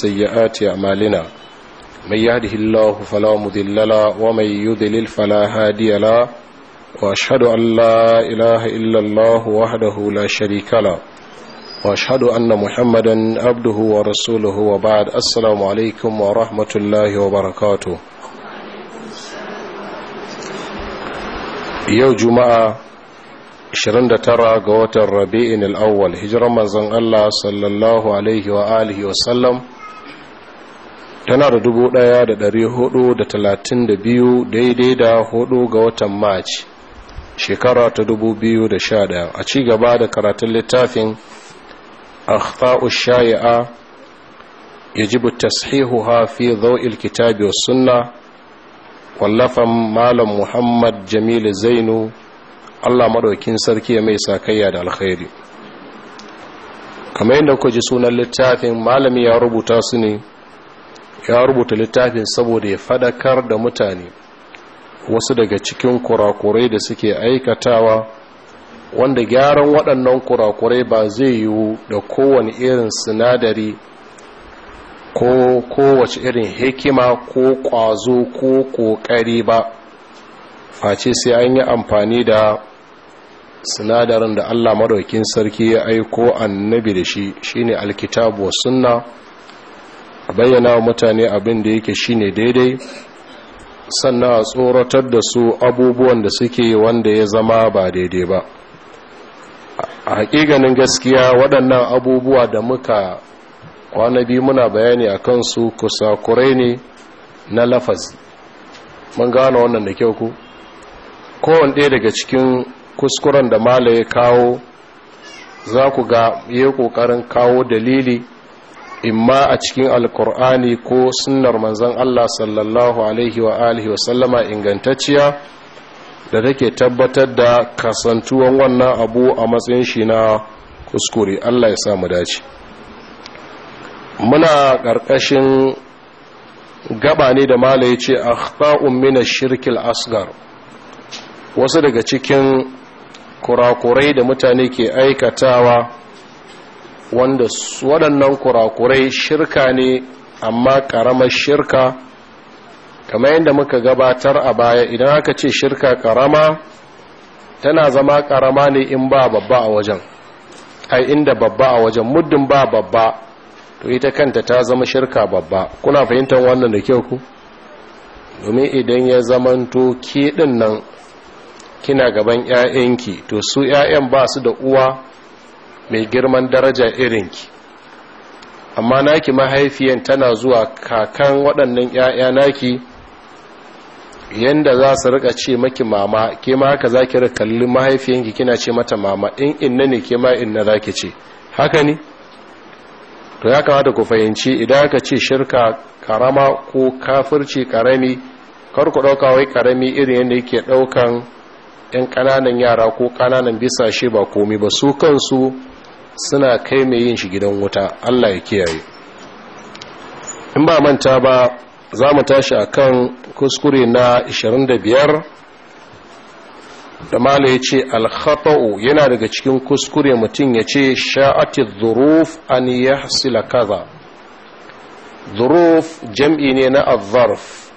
سيئات أعمالنا من يهده الله فلا مضل له ومن يضلل فلا هادي له وأشهد أن لا إله إلا الله وحده لا شريك له وأشهد أن محمدا عبده ورسوله وبعد السلام عليكم ورحمة الله وبركاته يوم جمعة 29 ga watan rabi'in al'awwal hijiran manzon Allah sallallahu alaihi wa alihi wa sallam tana da dubu ɗaya da ɗari hudu da talatin da biyu daidai da hudu ga watan maci shekara ta dubu biyu da sha ɗaya a ci gaba da karatun littafin akhtau shaya'a yajibu tashihuha fi dhaw'il kitabi wa sunna wallafan malam muhammad Jamilu zainu Allah maɗaukin sarki ya mai sakayya da alkhairi kamar yadda ku ji sunan littafin malami ya rubuta su ne ya rubuta littafin saboda ya fadakar da mutane wasu daga cikin kurakurai da suke aikatawa wanda gyaran waɗannan kurakurai ba zai yiwu da kowane irin sinadari ko kowace irin hikima ko ƙwazo ko ƙoƙari ba face sai an yi amfani da sinadarin da allah maɗaukin sarki ya aiko annabi da shi shine alkitabu wa sunna a bayyana wa mutane abin da yake shine daidai sannan a tsoratar da su abubuwan da suke wanda ya zama ba daidai ba a hakikanin gaskiya waɗannan abubuwa da muka kwana biyu muna bayani a kansu kusakurai ne na lafazi mun gano wannan da kyau ku kowane ɗaya daga cikin kuskuren da mala ya kawo za ku ga yi ƙoƙarin kawo dalili imma a cikin alkur'ani ko sunnar manzon Allah sallallahu alaihi wa alihi wa sallama ingantacciya da take tabbatar da kasantuwan wannan abu a matsayin shi na kuskure Allah ya samu dace muna ƙarƙashin gaba ne da mala ya ce akhta'un min ash-shirkil asgar wasu daga cikin kurakurai da mutane ke aikatawa wanda waɗannan kurakurai shirka ne amma ƙaramar shirka kamar yadda muka gabatar a baya idan aka ce shirka ƙarama tana zama ƙarama ne in ba babba a wajen ai inda babba a wajen muddin ba babba to ita kanta ta zama shirka babba kuna fahimtar wannan da kyau ku domin idan ya zamanto ke ɗin nan kina gaban 'ya'yanki to su 'ya'yan ba su da uwa mai girman daraja irin ki amma naki mahaifiyan tana zuwa kakan waɗannan 'ya'ya naki yadda za su rika ce maki mama ke ma haka za ki kalli mahaifiyanki kina ce mata mama in inna ne ke ma inna za ki ce haka ne to ya kamata ku fahimci idan aka ce shirka karama ko kafirci karami karku ɗauka wai karami irin yadda yake ɗaukan 'yan ƙananan yara ko ƙananan bisa shi ba komi ba su kansu suna kai mai yin shi gidan wuta Allah ya kiyaye in ba manta ba za mu tashi a kan kuskure na 25 da mala ya ce alhata'u yana daga cikin kuskure mutum ya ce sha'ati zuruf an yahsila kaza zuruf jam'i ne na azarf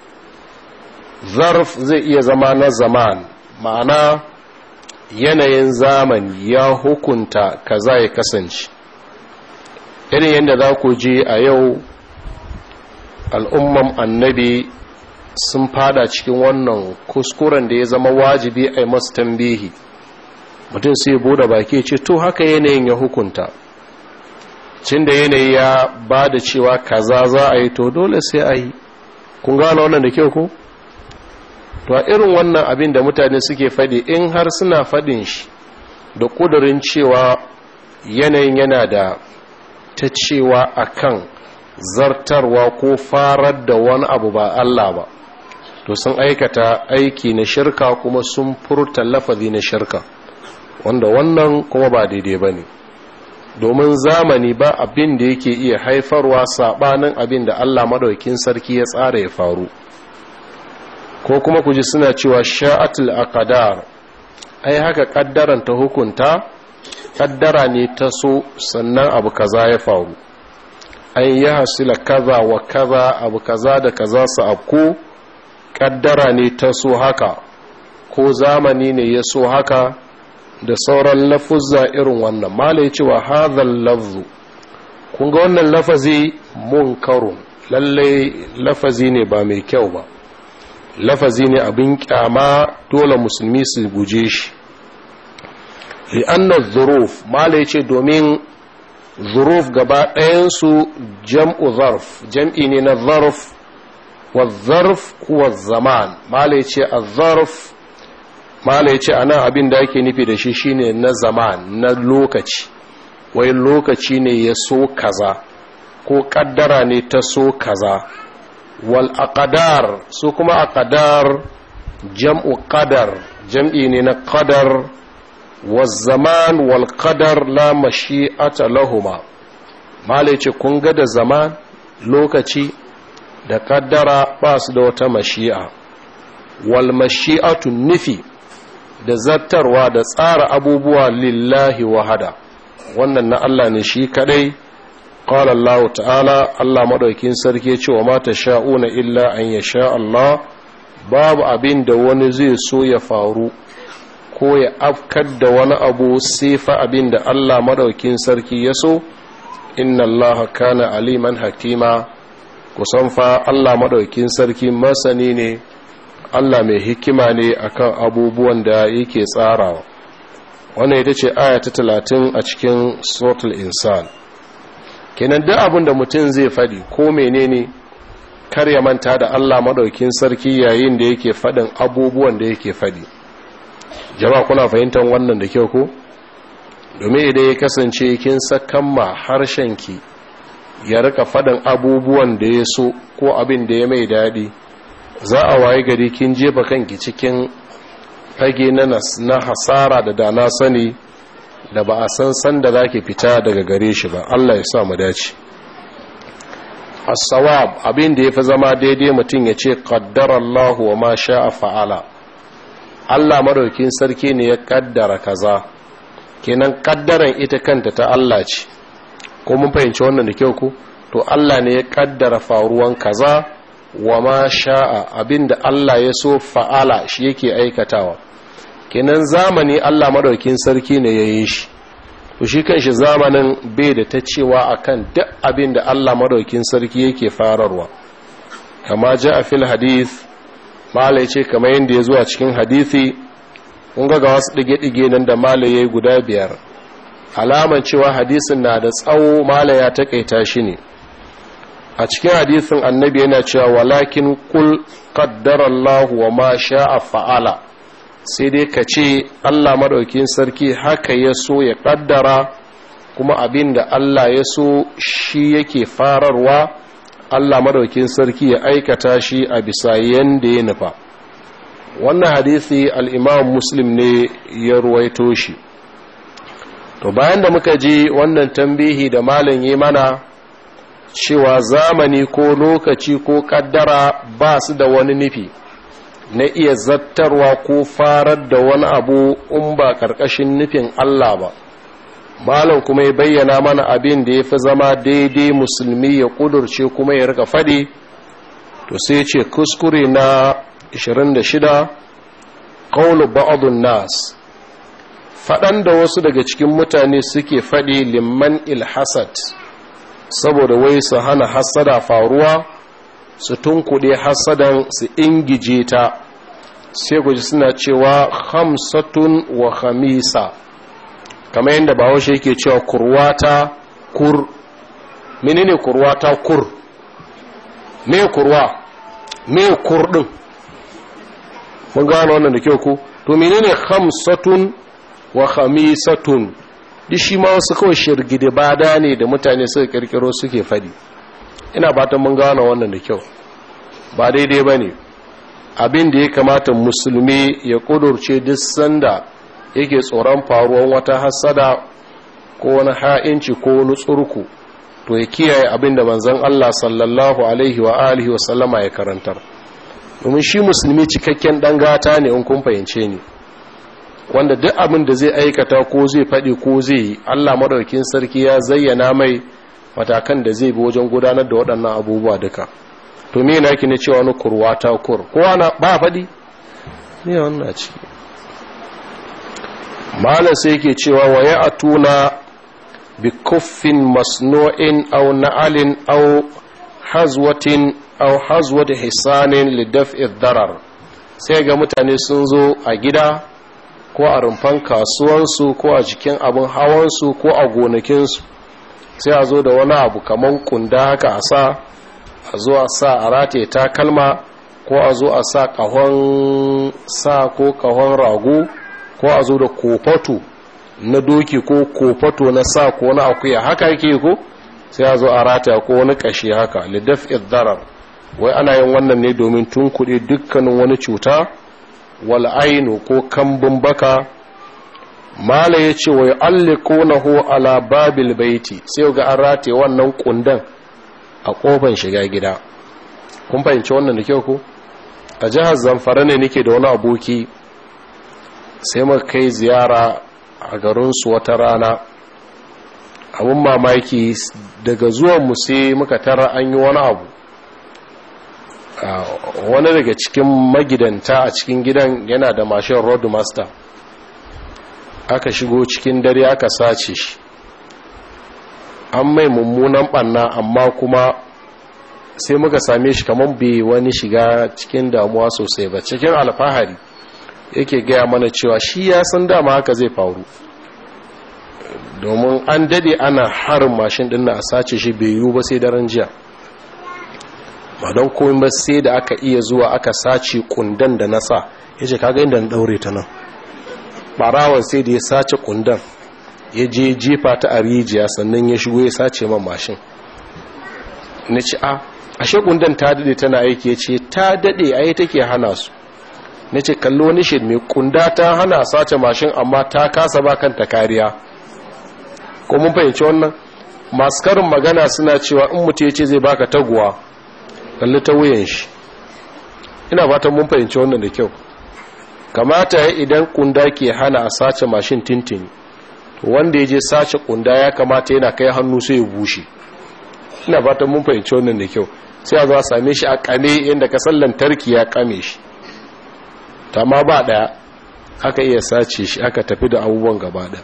zarf zai iya zama na zaman ma'ana yanayin zamani ya hukunta kaza ya kasance irin yadda za ku ji a yau al'umman annabi sun fada cikin wannan kuskuren da ya zama wajibi a masu tambihi mutum sai bude baki ce to haka yanayin ya hukunta cin da yanayi ya ba da cewa kaza za a yi to dole sai a yi kun gane wannan da kyau ko? to a irin wannan abin da mutane suke faɗi in har suna faɗin shi da ƙudurin cewa yanayin yana da ta cewa a kan zartarwa ko farar da wani abu ba Allah ba to sun aikata aiki na shirka kuma sun furta lafazi na shirka wanda wannan kuma ba daidai ba ne domin zamani ba abin da yake iya haifarwa saɓanin abin da Allah Madaukin sarki ya tsara ya faru ko kuma ku ji suna cewa sha'atul aqdar ai haka kaddaran ta hukunta kaddara ne ta so sannan abu kaza ya faru an yi hasila kaza wa kaza abu kaza da kaza su afko kaddara ne ta so haka ko zamani ne ya so haka da sauran lafuzza irin wannan ce wa hadhal lafzu kun ga wannan lafazi munkarun lallai lafazi ne ba mai kyau ba lafazi ne abin kyama dole musulmi su guje shi li'annar zuruf mala ce domin zuruf gaba ɗayansu jam'u zarf jam'i ne na zarf wa zarf kuwa zaman mala ce a zarf mala ce a nan abin da ake nufi da shi shine na zaman na lokaci wai lokaci ne ya so kaza ko kaddara ne ta so kaza wal aqdar su kuma aqdar jam'u qadar jam'i ne na qadar waz zaman wal qadar la mashi'ata lahuma malai ce kun ga da zaman lokaci da kaddara ba su da wata mashi'a wal mashi'atu nufi da zartarwa da tsara abubuwa lillahi wahada wannan na Allah ne shi kadai qala Allah ta'ala Allah madaukin sarki ce wa mata sha'una illa an yasha Allah babu abin da wani zai so ya faru ko ya afkar da wani abu sai fa abin da Allah madaukin sarki ya so inna Allah kana aliman hakima kusan fa Allah madaukin sarki masani ne Allah mai hikima ne akan abubuwan da yake tsarawa wannan ita ce aya ta 30 a cikin suratul insan kenan duk abin da mutum zai faɗi ko menene kar ya manta da Allah madaukin sarki yayin da yake faɗin abubuwan da yake faɗi jama'a kuna fahimtar wannan da kyau ko domin idan ya kasance kin sakamma harshenki ya rika faɗin abubuwan da ya so ko abin da ya mai daɗi za a waye gari kin jefa kanki cikin fage na hasara da dana sani da ba a san sanda zaki fita daga gare shi ba Allah ya sa mu dace as-sawab abin da yafi zama daidai mutum ya ce qaddarallahu wa ma sha'a fa'ala Allah madaukin sarki ne ya kaddara kaza kenan kaddaran ita kanta ta Allah ce ko mun fahimci wannan da kyau ko to Allah ne ya kaddara faruwan kaza wa ma sha'a Abin da Allah ya so fa'ala shi yake aikatawa kenan zamani Allah madaukin sarki ne ya yi shi to shi kanshi zamanin bai da ta cewa akan duk abin da Allah madaukin sarki yake fararwa kama ja a fil hadith malai ce kamar yadda ya zuwa cikin hadithi kun ga ga wasu ɗige-ɗige nan da malai ya yi guda biyar alaman cewa hadisin na da tsawo malai ya takaita shi ne a cikin hadisin annabi yana cewa walakin kul Allahu wa ma sha'a fa'ala sai dai ka ce Allah maɗaukin sarki haka ya so ya ƙaddara kuma abin da Allah ya so shi yake fararwa Allah maɗaukin sarki ya aikata shi a bisa yadda ya nufa wannan hadisi al'imam muslim ne ya ruwaito shi to bayan da muka je wannan tambihi da malin yi mana cewa zamani ko lokaci ko ƙaddara ba su da wani nufi na iya zattarwa ko farar da wani abu in ba ƙarƙashin nufin Allah ba malam kuma ya bayyana mana abin da ya fi zama daidai musulmi ya ƙudurce kuma ya rika faɗi to sai ce kuskure na 26 ƙaunar ba'adun nas faɗan da wasu daga cikin mutane suke faɗi liman ilhasad saboda wai su hana hassada faruwa su tunkuɗe hasadan su ingije ta sai guji suna cewa hamsatun wa hamisa kamar yadda bahaushe yake cewa kurwata kur menene kurwata kur me kurwa me kur din mun gano wannan da kyau ku. to menene hamsatun wa khamisatun dishi ma wasu kawai shirgide bada ne da mutane suka kirkiro suke fadi ina ta mun gano wannan da kyau ba daidai ba ne abin da ya kamata musulmi ya kudurce duk sanda yake tsoron faruwan wata hasada ko wani ha'inci ko wani tsurku to ya kiyaye abin da manzon Allah sallallahu alaihi wa alihi wa sallama ya karantar domin shi musulmi cikakken dan gata ne in kun fahimce ni wanda duk abin da zai aikata ko zai faɗi ko zai yi Allah madaukakin sarki ya zayyana mai matakan da zai bi wajen gudanar da waɗannan abubuwa duka to me na ne cewa na kurwa ta kur kowa na ba faɗi ne wannan ciki malam sai yake cewa waye a tuna bi kuffin masnu'in au na'alin au hazwatin aw hazwat hisanin lidaf darar sai ga mutane sun zo a gida ko a rumfan kasuwansu ko a cikin abin hawansu ko a gonakinsu sai a zo da wani abu kamar kunda haka a sa a zo a sa a rataye takalma ko a zo a sa kahon sa ko kahon rago ko a zo da kofato na doki ko kofato na sa ko na akuya haka yake ko sai a zo a rataya ko wani kashi haka lidaf iddarar wai ana yin wannan ne domin tunkuɗe dukkanin wani cuta wal'ainu ko kambun baka mala ya ce wai allikunahu ala babil baiti sai ga an rataye wannan kundan a kofan shiga gida kun fahimci wannan da kyau ku? a jihar zamfara ne nake da wani aboki sai muka kai ziyara a garinsu wata rana abin mamaki daga zuwan mu sai muka tara an yi wani abu ah, wani daga cikin magidanta a cikin gidan yana da mashin road master aka shigo cikin dare aka sace shi an mai mummunan banna amma kuma sai muka same shi kamar bai wani shiga cikin damuwa sosai ba cikin alfahari yake gaya mana cewa shi ya san dama haka zai faru domin an dade ana harin mashin din na a sace shi bai yiwu ba sai daren jiya ba don komi ba sai da aka iya zuwa aka sace kundan da na sa ya ce kaga inda na daure ta nan Marawon sai da ya sace kundan ya je jefa ta a rijiya sannan ya shigo ya sace man mashin na ci a ah, ashe kundan ta dade tana aiki ya ce ta dade a yi take hana su na ce kallo wani shi mai kunda ta hana sace mashin amma ta kasa ba kanta kariya ko mun fahimci wannan masu karin magana suna cewa in mutu ya ce zai baka taguwa kalli ta wuyan shi ina fatan mun fahimci wannan da kyau kamata ya idan kunda ke hana a sace mashin tintin wanda ya je sace kunda ya kamata yana kai hannu sai ya bushe ina ta mun fahimci wannan da kyau sai a zuwa same shi a kame inda kasar lantarki ya kame shi ta ma ba daya aka iya sace shi aka tafi da abubuwan gaba da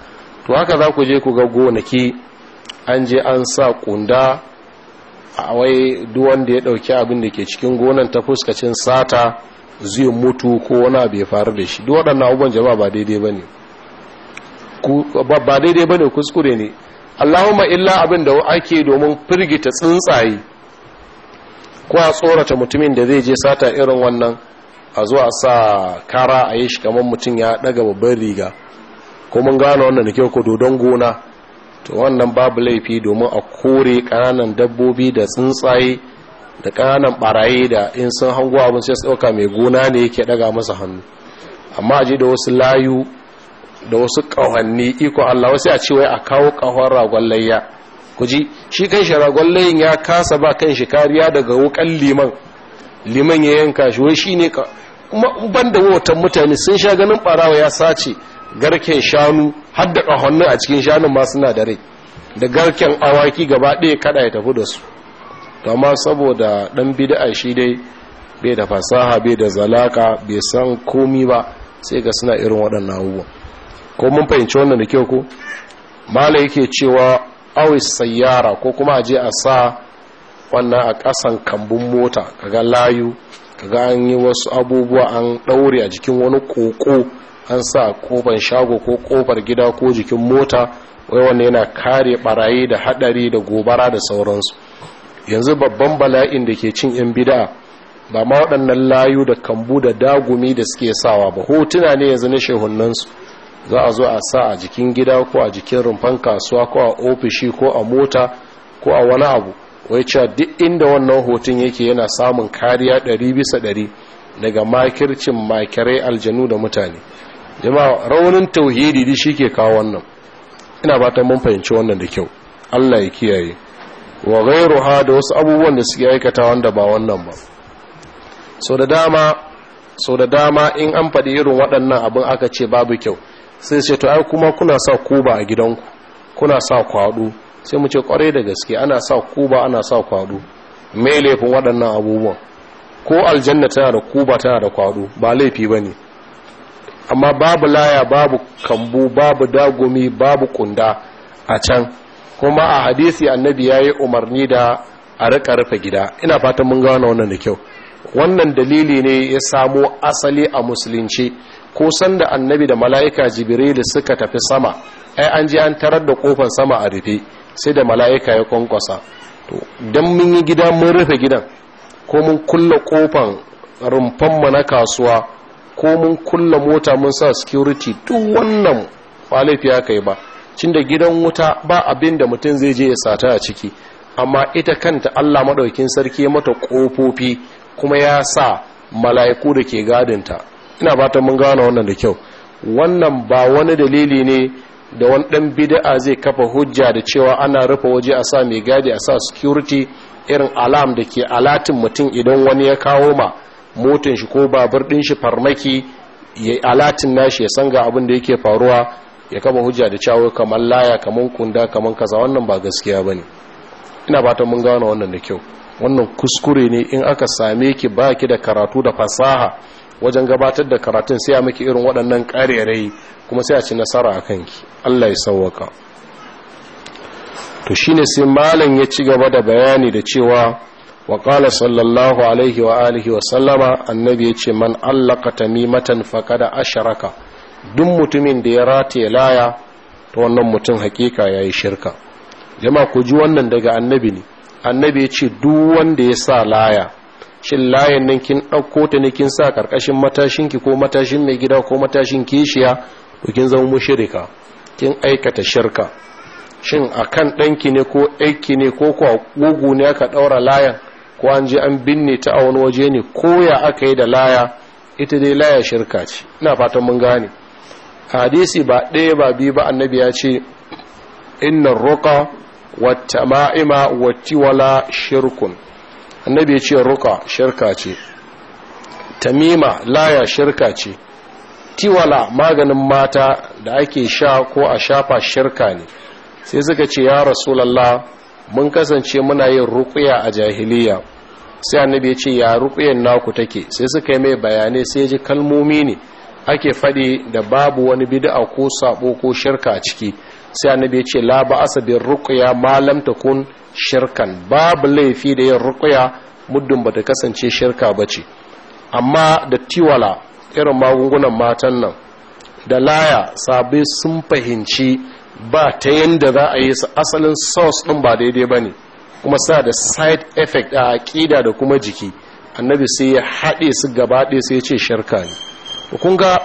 to haka za ku je ku ga gonaki an je an sa kunda a wai duwanda ya dauki abin da ke cikin gonan ta fuskacin sata zai mutu ko wani bai faru da shi duk waɗannan abubuwan jama'a ba daidai ne ba daidai ne kuskure ne Allahumma illa abin da ake domin firgita tsuntsaye ko a tsorata mutumin da zai je sata irin wannan a zo a sa kara a yi shi kamar mutum ya daga babban riga ko mun gano wannan da kyau ko dodon gona to wannan babu laifi domin a kore ƙananan dabbobi da tsuntsaye da ƙananan barayi da in sun hango abin sai su ɗauka mai gona ne yake ɗaga masa hannu amma ji da wasu layu da wasu ƙawanni iko Allah wasu a ce wai a kawo ƙawar ragon layya ku shi kan shi ragon layin ya kasa ba kan shi kariya daga wukan liman liman ya yanka shi wai shi ne kuma ban da wautan mutane sun sha ganin ɓarawa ya sace garken shanu har da ƙahonnin a cikin shanun ma suna da rai da garken awaki gaba ɗaya kada ya tafi da su amma saboda dan bid'a shi dai bai da fasaha bai da zalaka bai san komi ba sai ga suna irin waɗannan abubuwa ko mun fahimci wannan da kyau ko mala yake cewa awis sayyara ko kuma a je a sa wannan a ƙasan kambun mota kaga layu kaga an yi wasu abubuwa an ɗaure a jikin wani koko an sa kofar shago ko kofar gida ko jikin mota wai wannan yana kare barayi da hadari da gobara da sauransu yanzu babban bala'in da ke cin yan bida ba ma waɗannan layu da kambu da dagumi da suke sawa ba hotuna ne yanzu na shehunansu za a zo a sa a jikin gida ko a jikin rumfan kasuwa ko a ofishi ko a mota ko a wani abu wai cewa duk inda wannan hotun yake yana samun kariya ɗari bisa ɗari daga makircin makirai aljanu da mutane jama'a raunin tauhidi shi ke kawo wannan ina ba mun fahimci wannan da kyau allah ya kiyaye wa ha da wasu abubuwan da suke aikata wanda ba wannan ba so da dama in an faɗi irin waɗannan abin aka ce babu kyau sai ce to ai kuma kuna sa kuba a gidanku kuna sa kwaɗo sai mu ce kwarai da gaske ana sa kuba ana sa kwaɗo mai laifin waɗannan abubuwan ko aljanna tana da kuba tana da kwaɗo ba laifi ba ne amma babu laya babu kambu babu dagumi babu kunda a can kuma a hadisi annabi ya yi umarni da a rika rufe gida ina fatan mun gano wannan da kyau wannan dalili ne ya samo asali a musulunci ko sanda annabi da mala'ika jibril suka tafi sama ai an ji an tarar da kofar sama a rufe sai da mala'ika ya kwankwasa to dan mun yi gida mun rufe gidan ko mun kulle kofan mu na kasuwa ko mun kulle mota mun sa security duk wannan ba ya kai ba cin da gidan wuta ba abin da mutum zai je ya sata a ciki amma ita kanta Allah maɗaukin sarki mata ƙofofi kuma ya sa mala'iku da ke gadinta ina fatan mun gane wannan da kyau wannan ba wani dalili ne da wani ɗan bida'a zai kafa hujja da cewa ana rufe waje a sa mai gadi a sa security irin alam da ke alatin mutum idan wani ya kawo ma motin shi ko babur ɗin shi farmaki ya alatin nashi ya san ga abin da yake faruwa ya kama hujja da cawo kamar laya kamar kunda kamar kaza wannan ba gaskiya ba ne ina fatan mun gano wannan da kyau wannan kuskure ne in aka same ki ba ki da karatu da fasaha wajen gabatar da karatun sai a miki irin waɗannan ƙarerai kuma sai a ci nasara a kanki allah ya sauwaka to shine sai malam ya ci gaba da bayani da cewa wa qala sallallahu alaihi wa alihi wa sallama annabi yace man allaka tamimatan faqad asharaka duk mutumin da ya rataye laya ta wannan mutum hakika ya yi shirka jama ku ji wannan daga annabi ne annabi ya ce duk wanda ya sa laya shin layan nan kin ɗauko ta ne kin sa ƙarƙashin matashinki ko matashin mai gida ko matashin kishiya ko kin zama mushirika kin aikata shirka shin a kan ɗanki ne ko aiki ne ko kuwa gugu ne aka ɗaura layan ko an je an binne ta a wani waje ne ko ya aka yi da laya ita dai laya shirka ce ina fatan mun gane hadisi ba ɗaya ba biyu ba annabi ya ce innan ruka wata ma'ima wala shirkun annabi ya ce ruka shirka ce tamima laya shirka ce tiwala maganin mata da ake sha ko a shafa shirka ne sai suka ce ya rasulallah mun kasance muna yin rukuya a jahiliya sai annabi ya ce ya rukuyan naku take sai suka yi mai bayanai sai ji kalmomi ne ake faɗi da babu wani bid'a ko sabo ko shirka a ciki sai annabi ya ce la ba'asa bir ruqya ma lam takun shirkan babu laifi da yin ruqya muddin bata kasance shirka bace amma da tiwala irin magungunan matan nan da laya sabai sun fahimci ba ta yanda za a yi su asalin source din ba daidai bane kuma sa da side effect a aƙida da kuma jiki annabi sai ya haɗe su gaba ɗaya sai ya ce shirka ne kun ga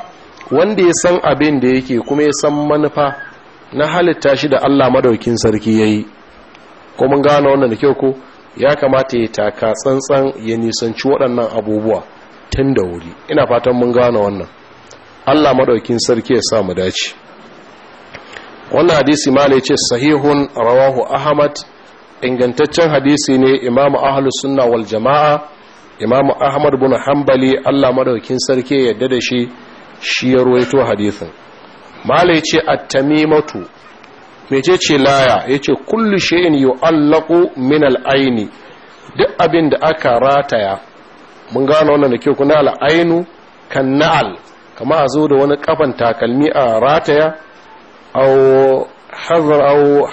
wanda ya san abin da yake kuma ya san manufa na halitta shi da Allah madaukin sarki yayi ko mun gano wannan da kyau ko ya kamata ya taka tsantsan ya nisanci waɗannan abubuwa tun da wuri ina fatan mun gano wannan Allah madaukin sarki ya sa mu dace wannan hadisi ma ce sahihun rawahu ahmad ingantaccen hadisi ne imamu ahlus sunna wal jama'a imamu ahmad bin hanbali allah madaukin sarki ya yadda da shi shi ya ruwaito hadisin mala ya ce attamimatu mece ce laya ya ce kullu shi'in yu'allaqu min aini duk abin da aka rataya mun gano wannan da ke kuna al'ainu kan na'al kama a zo da wani kafan takalmi a rataya aw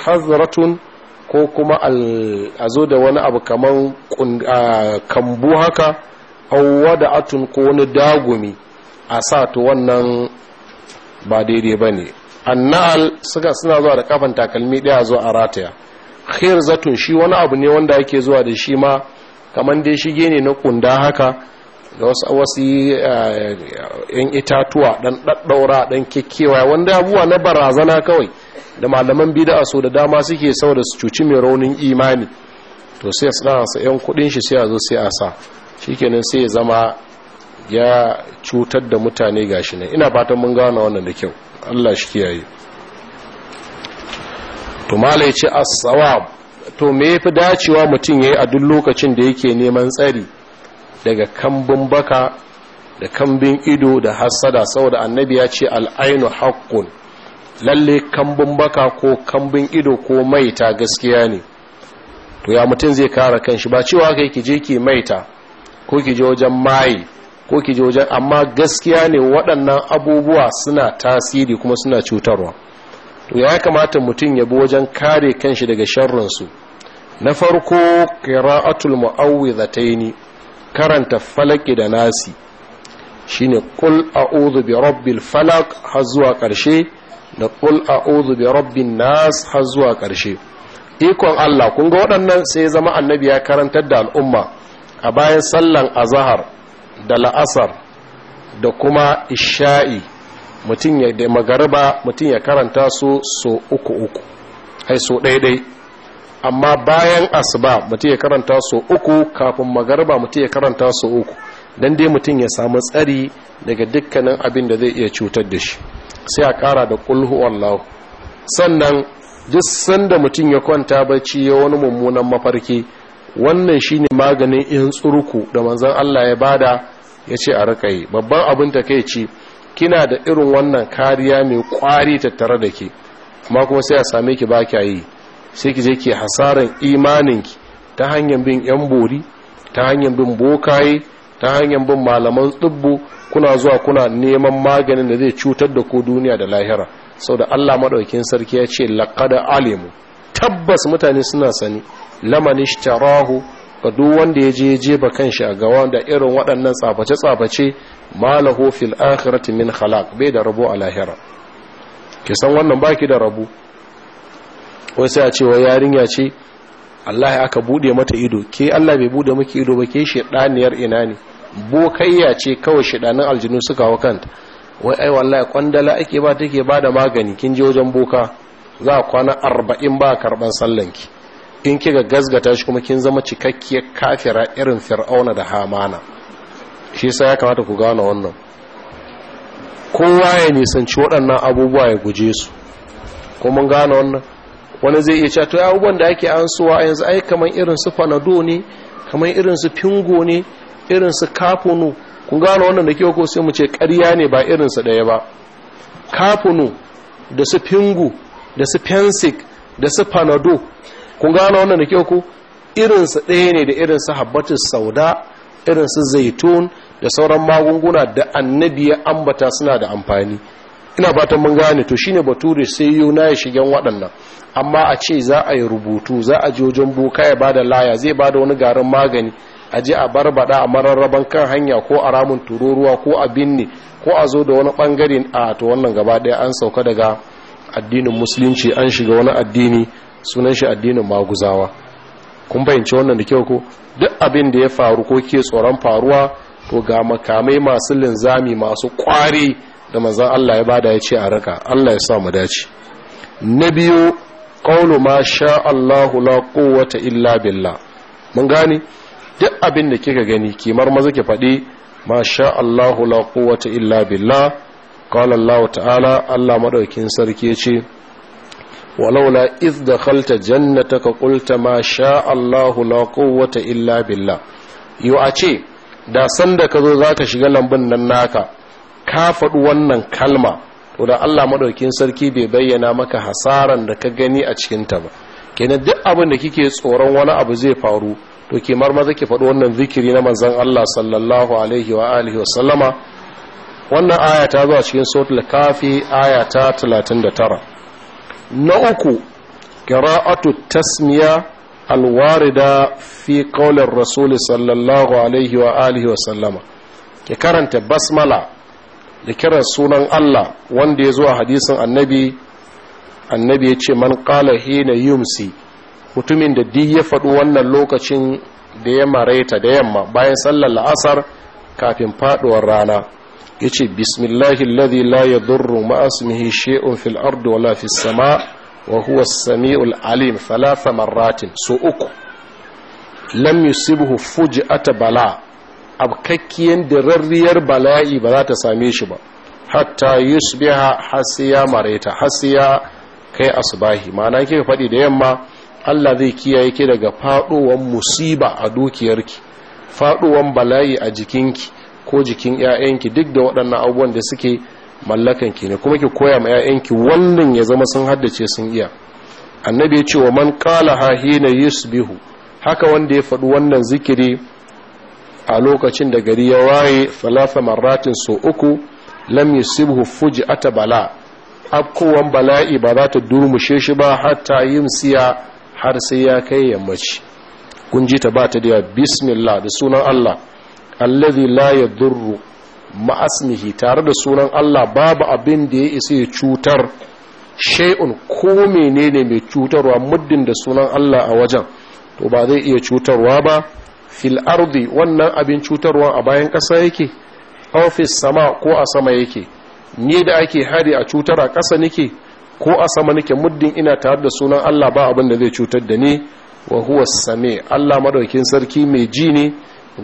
hazaratun ko kuma a zo da wani abu kaman kambu haka wada atun ko wani dagumi a sa to wannan ba daidai ba ne annal suka suna zuwa da kafan takalmi daya zuwa a rataya khair zatun shi wani abu ne wanda ake zuwa da shi ma kamar dai shige ne na kunda haka da wasu wasu yan itatuwa dan daddaura dan kekkewa wanda abuwa na barazana kawai da malaman bid'a so da dama suke saboda su cuci mai raunin imani to sai su sa yan kudin shi sai a zo sai a sa shikenan sai ya zama ya cutar da mutane gashi ne ina fatan mun gano wannan da kyau Allah shi kiyaye to malai ce as-sawab to me yafi dacewa mutum yayi a duk lokacin da yake neman tsari daga kambun baka da kambin ido da hasada saboda annabi ya ce al-ainu haqqun lalle kambun baka ko kambun ido ko maita gaskiya ne to ya mutum zai kare kanshi ba cewa kai ki je ki maita ko ki je wajen mai ko ki je wajen amma gaskiya ne waɗannan abubuwa suna tasiri kuma suna cutarwa to ya kamata mutum ya bi wajen kare kanshi daga sharrinsu na farko qira'atul mu'awwidhataini karanta falaki da nasi shine qul a'udhu bi rabbil falaq har zuwa ƙarshe da a a'udhu bi rabbin nas har zuwa ƙarshe ikon Allah kun ga waɗannan sai ya zama annabi ya karantar da al'umma a bayan sallan azahar da la'asar da kuma isha'i mutum ya da magariba mutum ya karanta su so uku uku ai so ɗaiɗai amma bayan asuba mutum ya karanta so uku kafin magariba mutum ya karanta so uku dan dai mutum ya samu tsari daga dukkanin abin da zai iya cutar da shi sai a kara da ƙulhu wallahu sannan duk sanda mutum ya kwanta bacci ya wani mummunan mafarki wannan shine maganin in tsurku da manzon Allah ya bada ya ce a rika babban abin ta kai ci kina da irin wannan kariya mai kwari tattare da ke amma kuma sai a same ki ba kya yi sai ki je ki hasaran imaninki ta hanyar bin yan bori ta hanyar bin bokaye ta hanyar bin malaman tsibbu kuna zuwa kuna neman maganin da zai cutar da ku duniya da lahira sau da allah maɗaukin sarki ya ce laƙada alimu tabbas mutane suna sani lamani shitarahu ga duk wanda ya je jeba kanshi a gawa da irin waɗannan tsaface-tsaface malahu fil akhirati min khalaq bai da rabo a lahira ki san wannan baki da rabo wai sai ce wa yarinya ce Allah ya aka bude mata ido ke Allah bai bude maki ido ba ke shedaniyar ina ne bokayya ce kawai shedanin aljinu suka hawa kanta wai ai wallahi kwandala ake ba take ba da magani kin je wajen boka za a kwana 40 ba karban ki. in kika gazgata shi kuma kin zama cikakkiya kafira irin fir'auna da hamana shi yasa ya kamata ku gane wannan kowa ya nisanci waɗannan abubuwa ya guje su ko mun gane wannan wani zai iya cato ya abubuwan da ake an yanzu ai kamar irin su fanado ne kamar irin su pingo ne irin su kafunu kun gano wannan da kyau ko sai mu ce ƙarya ne ba irin su ɗaya ba kafunu da su pingu da su pensik da su fanado kun gano wannan da kyau ko irin su ɗaya ne da irin su habbatus sauda irin su zaitun da sauran magunguna da annabi ya ambata suna da amfani ina fatan mun gane to shine bature sai yo na ya shigen waɗannan amma a ce za a yi rubutu za a ji wajen boka ya bada laya zai bada wani garin magani a je a barbada a mararraban kan hanya ko a ramin tururuwa ko a binne ko a zo da wani bangare a to wannan gaba daya an sauka daga addinin musulunci an shiga wani addini sunan shi addinin maguzawa kun bayyance wannan da kyau ko duk abin da ya faru ko ke tsoron faruwa to ga makamai masu linzami masu kwari da manzan Allah ya bada ya ce a raka Allah ya sa mu dace na biyu ƙaunu ma sha Allahu la kowata illa billah mun gane duk abin da kika gani kimar maza ke faɗi ma sha Allahu la kowata illa billah qala Allah ta'ala Allah maɗaukin sarki ce walaula iz jannata ka ƙulta ma sha Allahu la kowata illa billah yo a ce da sanda ka zo za ka shiga lambun nan naka ka faɗi wannan kalma to da Allah madaukin sarki bai bayyana maka hasaran da ka gani a cikin ta ba kenan duk abin da kike tsoron wani abu zai faru to kimar maza ki faɗi wannan zikiri na manzon Allah sallallahu alaihi wa alihi wasallama wannan aya ta zo a cikin suratul kafi aya ta 39 na uku qira'atu tasmiya alwarida fi qawlir rasul sallallahu alaihi wa alihi wasallama sallama ki karanta basmala da kiran sunan Allah wanda ya zuwa hadisin annabi annabi ya ce man kala hina yumsi mutumin da duk ya faɗi wannan lokacin da ya maraita da yamma bayan sallar la'asar kafin faduwar rana ya ce bismillahi alladhi la yadurru ma ismihi shay'un fil ardi wala fis sama wa huwa samiul alim thalatha marratin so uku lam yusibhu ata bala abkakkiyar da rarriyar bala'i ba za ta same shi ba hatta yusbiha hasiya mareta hasiya kai asbahi ma'ana ke faɗi da yamma Allah zai kiyaye ki daga faɗowan musiba a dukiyarki faɗuwan bala'i a jikinki ko jikin ƴaƴanki duk da waɗannan abubuwan da suke mallakan ki ne kuma ki koya ma ƴaƴanki wannan ya zama sun haddace sun iya annabi ya ce wa man qala ha hina yusbihu haka wanda ya faɗi wannan zikiri a lokacin da gari ya waye falafa marratin so uku lam yusibhu ata bala akowan bala'i ba za ta durmushe shi ba hatta yin siya har sai ya kai yammaci kun ji ta ba ta da bismillah da sunan Allah allazi la yadurru ma'asmihi tare da sunan Allah babu abin da ya isa ya cutar shay'un ko menene mai cutarwa muddin da sunan Allah a wajen to ba zai iya cutarwa ba fil ardi wannan abin cutarwa a bayan ƙasa yake ofis sama ko a sama yake ni da ake hari a cutar a ƙasa nike ko a sama nake muddin ina tare da sunan Allah ba abin da zai cutar da ni wa huwa same Allah madaukin sarki mai ji ne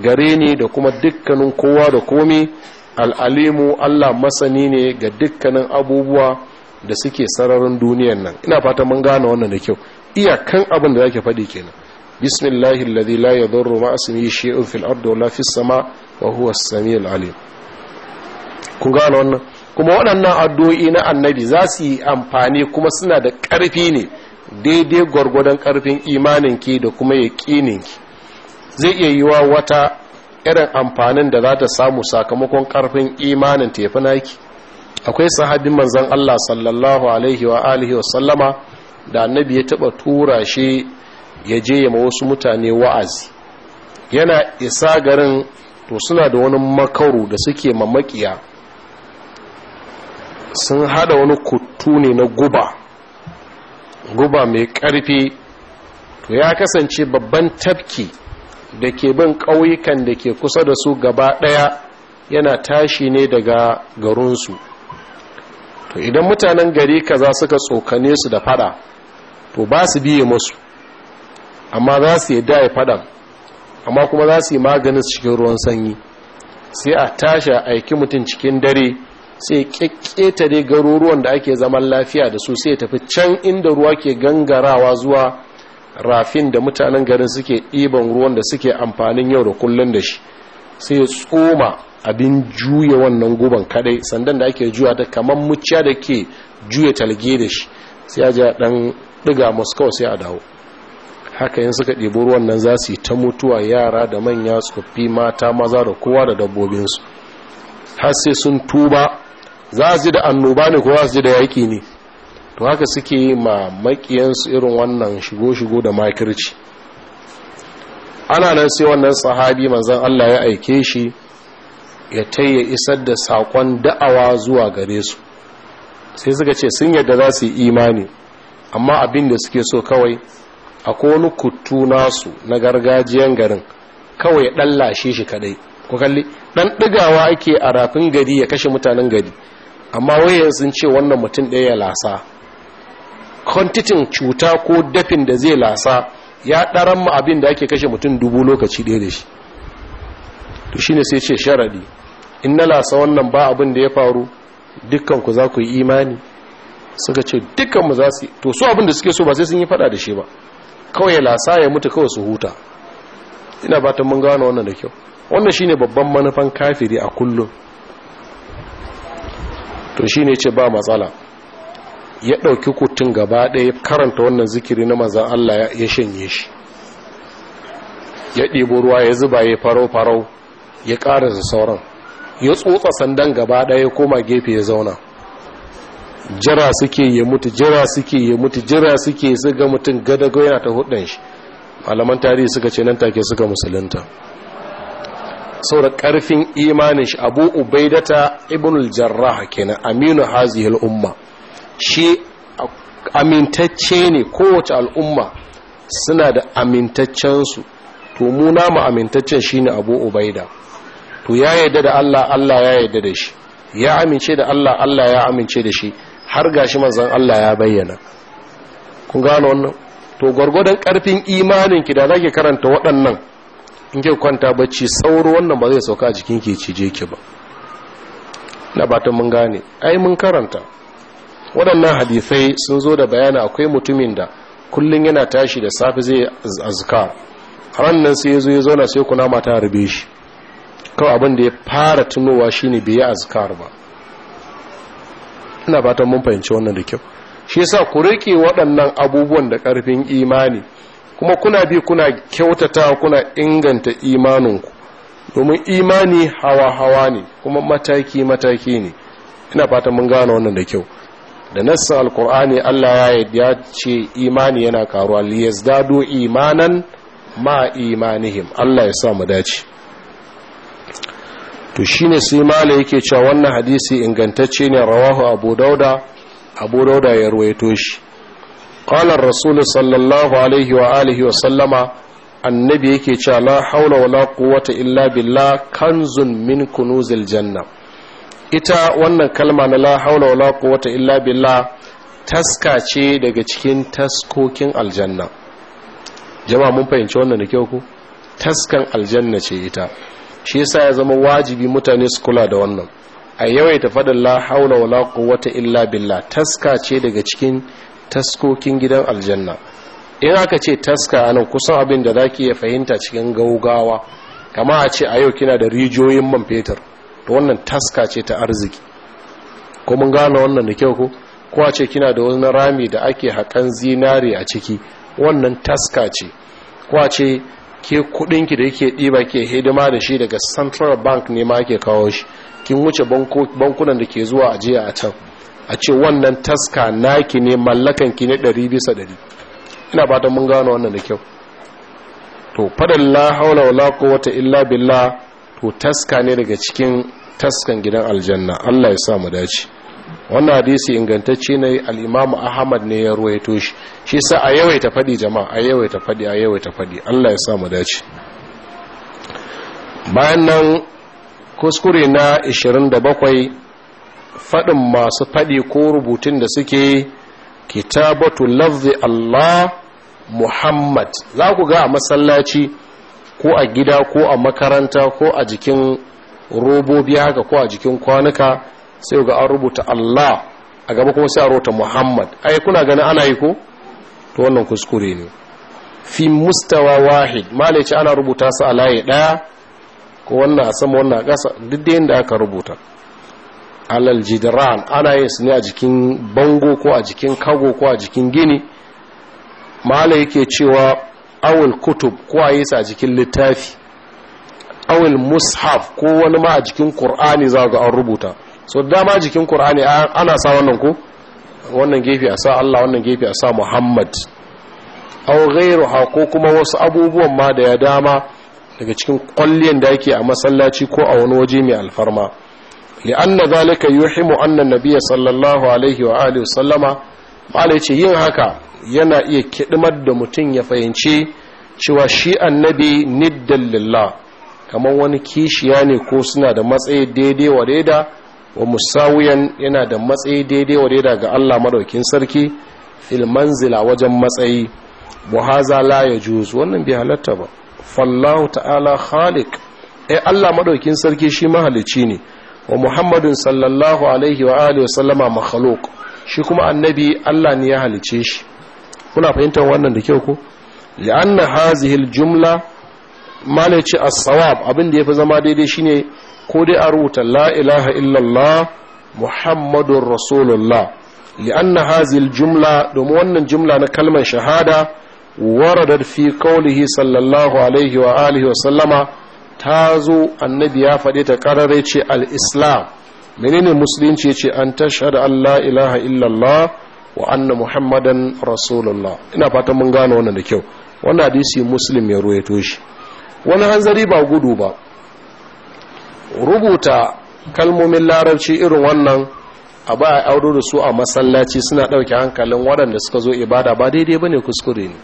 gare ni da kuma dukkanin kowa da komi al'alimu Allah masani ne ga dukkanin abubuwa da suke sararin duniyar nan ina fata mun gane wannan da kyau iyakan abin da zake faɗi kenan bismillahi الله الذي لا يضر ismihi اسمه شيء في الارض ولا sama السماء huwa السميع العليم kun wannan kuma waɗannan addu'o'i na annabi za su yi amfani kuma suna da ƙarfi ne daidai gwargwadon ƙarfin imanin ki da kuma ki zai iya yi wa wata irin amfanin da za ta samu sakamakon ƙarfin imanin tafi naki akwai sahabin manzon Allah sallallahu alaihi wa alihi wa sallama da annabi ya taɓa tura shi ya je ma wasu mutane wa'azi yana isa garin to suna da wani makaru da suke mamakiya sun hada wani kutu ne na guba guba mai karfi to ya kasance babban tafki da ke bin ƙauyukan da ke kusa da su gaba ɗaya yana tashi ne daga garinsu to idan mutanen gari kaza suka tsokane su da fada to ba su biye masu amma za su yadda ya faɗan amma kuma za su yi maganin cikin ruwan sanyi sai a tashi aiki mutum cikin dare sai dai garuruwan da ake zaman lafiya da su sai tafi can inda ruwa ke gangarawa zuwa rafin da mutanen garin suke ɗiban ruwan da suke amfanin yau da kullum da shi sai ya tsoma abin juya wannan guban kadai sandan da ake juya ta kamar muciya da ke juya talge da shi sai ya ja ɗan ɗiga moscow sai a dawo haka yin suka ɗibi ruwan nan za su yi ta mutuwa yara da manya tsoffi mata maza da kowa da dabbobinsu har sai sun tuba za su ji da annoba ne ko za su ji da yaƙi ne to haka suke yi ma makiyansu irin wannan shigo-shigo da makirci ana nan sai wannan sahabi manzan Allah ya aike shi ya taya isar da saƙon da'awa zuwa gare su sai suka ce sun yadda za su yi imani amma abin da suke so kawai akwai wani kuttu nasu na gargajiyan garin kawai ɗan lashe shi kadai ku kalli ɗan ɗigawa ake a rafin gari ya kashe mutanen gari amma wayan sun ce wannan mutum ɗaya ya lasa kwantitin cuta ko dafin da zai lasa ya ɗaran ma abin da ake kashe mutum dubu lokaci ɗaya da shi to shi ne sai ce sharaɗi in na lasa wannan ba abin da ya faru dukkan ku za ku yi imani suka ce dukkanmu za su to su abin da suke so ba sai sun yi faɗa da shi ba kawai lasa ya mutu kawai su huta ina fatan mun gano wannan da kyau wannan shine babban manufan kafiri a kullum to shine ce ba matsala ya ɗauki kutun gaba ɗaya karanta wannan zikiri na mazan Allah ya shanye shi ya ɗebo ruwa ya zuba ya farau-farau ya ƙarasa sauran ya tsotsa sandan gaba ɗaya koma gefe ya zauna jira suke ya mutu jira suke ya mutu jira suke su ga mutum gadago yana ta hudun shi malaman tarihi suka ce nan take suka musulunta saura karfin imanin shi abu ubaidata ibnul jarrah kenan aminu hazihi al'umma shi amintacce ne kowace al'umma suna da amintaccensu to mu namu amintaccen shine abu ubaida to ya yarda da Allah Allah ya yarda da shi ya amince da Allah Allah ya amince da shi har gashi manzan Allah ya bayyana kun gano wannan to gwargwadon karfin imanin ki da zaki karanta waɗannan in ke kwanta bacci sauro wannan ba zai sauka a jikin ki cije ki ba na batun mun gane ai mun karanta waɗannan hadisai sun zo da bayani akwai mutumin da kullun yana tashi da safe zai azkar ran nan sai ya zo ya zauna sai kuna mata harbe shi kawai abin da ya fara tunowa shine bai yi azkar ba ina fatan mun fahimci wannan da kyau shi yasa ku rike waɗannan abubuwan da ƙarfin imani kuma kuna bi kuna kyautata kuna inganta imaninku domin imani hawa-hawa ne kuma mataki-mataki ne ina fatan mun gane wannan da kyau da nassin alkur'ani Allah ya ya ce imani yana karuwa liyazdadu imanan ma imanihim Allah ya sa mu dace to shine sai mala yake cewa wannan hadisi ingantacce ne rawahu abu dauda abu dauda ya ruwaito shi qala rasul sallallahu alaihi wa alihi wa sallama annabi yake cewa la haula wala quwwata illa billah kanzun min kunuzil janna ita wannan kalma na la haula wala quwwata illa billah taska ce daga cikin taskokin aljanna jama'a mun fahimci wannan da kyau ku taskan aljanna ce ita shi yasa ya zama wajibi mutane su kula da wannan a yawaita faɗin la haula wala quwwata illa billa taska ce daga cikin taskokin gidan aljanna in aka ce taska anan kusan abin da zaki ya fahimta cikin gaugawa kama a ce a yau kina da rijiyoyin man fetur to wannan taska ce ta arziki ko mun gane wannan da kyau ko ko a ce kina da wani rami da ake haƙan zinari a ciki wannan taska ce ko a ce ke kudinki da yake ɗiba ke hidima da shi daga central bank ne ma ke kawo shi kin wuce bankunan da ke zuwa ajiya a can a ce wannan taska naki ne mallakanki ne ɗari bisa ɗari ina ba mun gano wannan da kyau to faɗin la haula wala quwwata illa billah to taska ne daga cikin taskan gidan aljanna Allah ya sa mu dace wannan hadisi ingantacce ne al ahmad ne ya ruwaito shi shi sa a yawaita fadi jama'a a yawaita fadi a yawaita fadi Allah ya sa mu dace bayan nan kuskure na 27 fadin masu fadi ko rubutun da suke kitabatu lafzi Allah Muhammad za ku ga a masallaci ko a gida ko a makaranta ko a jikin robobi haka ko a jikin kwanuka sai ga an rubuta Allah a gaba kuma sai a rubuta Muhammad ai kuna ganin ana yi ko to wannan kuskure ne fi mustawa wahid malaici ana rubuta su a layi daya ko wannan a sama wannan a ƙasa duk da yadda aka rubuta alal jidran ana yin su ne a jikin bango ko a jikin kago ko a jikin gini mala yake cewa awul kutub ko a yi su a jikin littafi awul mushaf ko wani ma a jikin qur'ani za ga an rubuta so dama jikin qur'ani ana sa wannan ku wannan gefe a sa Allah wannan gefe a sa Muhammad aure ruha ko kuma wasu abubuwan ma da ya dama daga cikin kwalliyan da yake a masallaci ko a wani waje mai alfarma li'anna zalika yuhimu anna nabiyya sallallahu alaihi wa alihi sallama malai ce yin haka yana iya kidimar da mutum ya fahimci cewa shi annabi niddan lillah kamar wani kishiya ne ko suna da matsayi daidai wa daida wa musawiyan yana da matsayi daidai wa daidai ga Allah madaukin sarki fil manzila wajen matsayi wa haza la juz wannan bai halatta ba fallahu ta'ala khaliq eh Allah madaukin sarki shi mahalicci ne wa muhammadun sallallahu alaihi wa alihi wa sallama makhluq shi kuma annabi Allah ne ya halice shi kuna fahimtar wannan da kyau ko li'anna hazihi al-jumla malaci as-sawab abin da yafi zama daidai shine ko dai a rubuta la ilaha illallah muhammadun rasulullah li'anna hazil jumla domin wannan jumla na kalmar shahada waradar fi kaulihi sallallahu alaihi wa alihi wa sallama ta zo annabi ya faɗi ta ƙarare ce al menene musulunci ce an tashhada an la illallah wa anna muhammadan rasulullah ina fatan mun gane wannan da kyau wannan hadisi muslim ya ruwaito shi wani hanzari ba gudu ba rubuta kalmomin larabci irin wannan a ba a auro da su a masallaci suna ɗauke hankalin waɗanda suka zo ibada ba daidai ba ne kuskure ne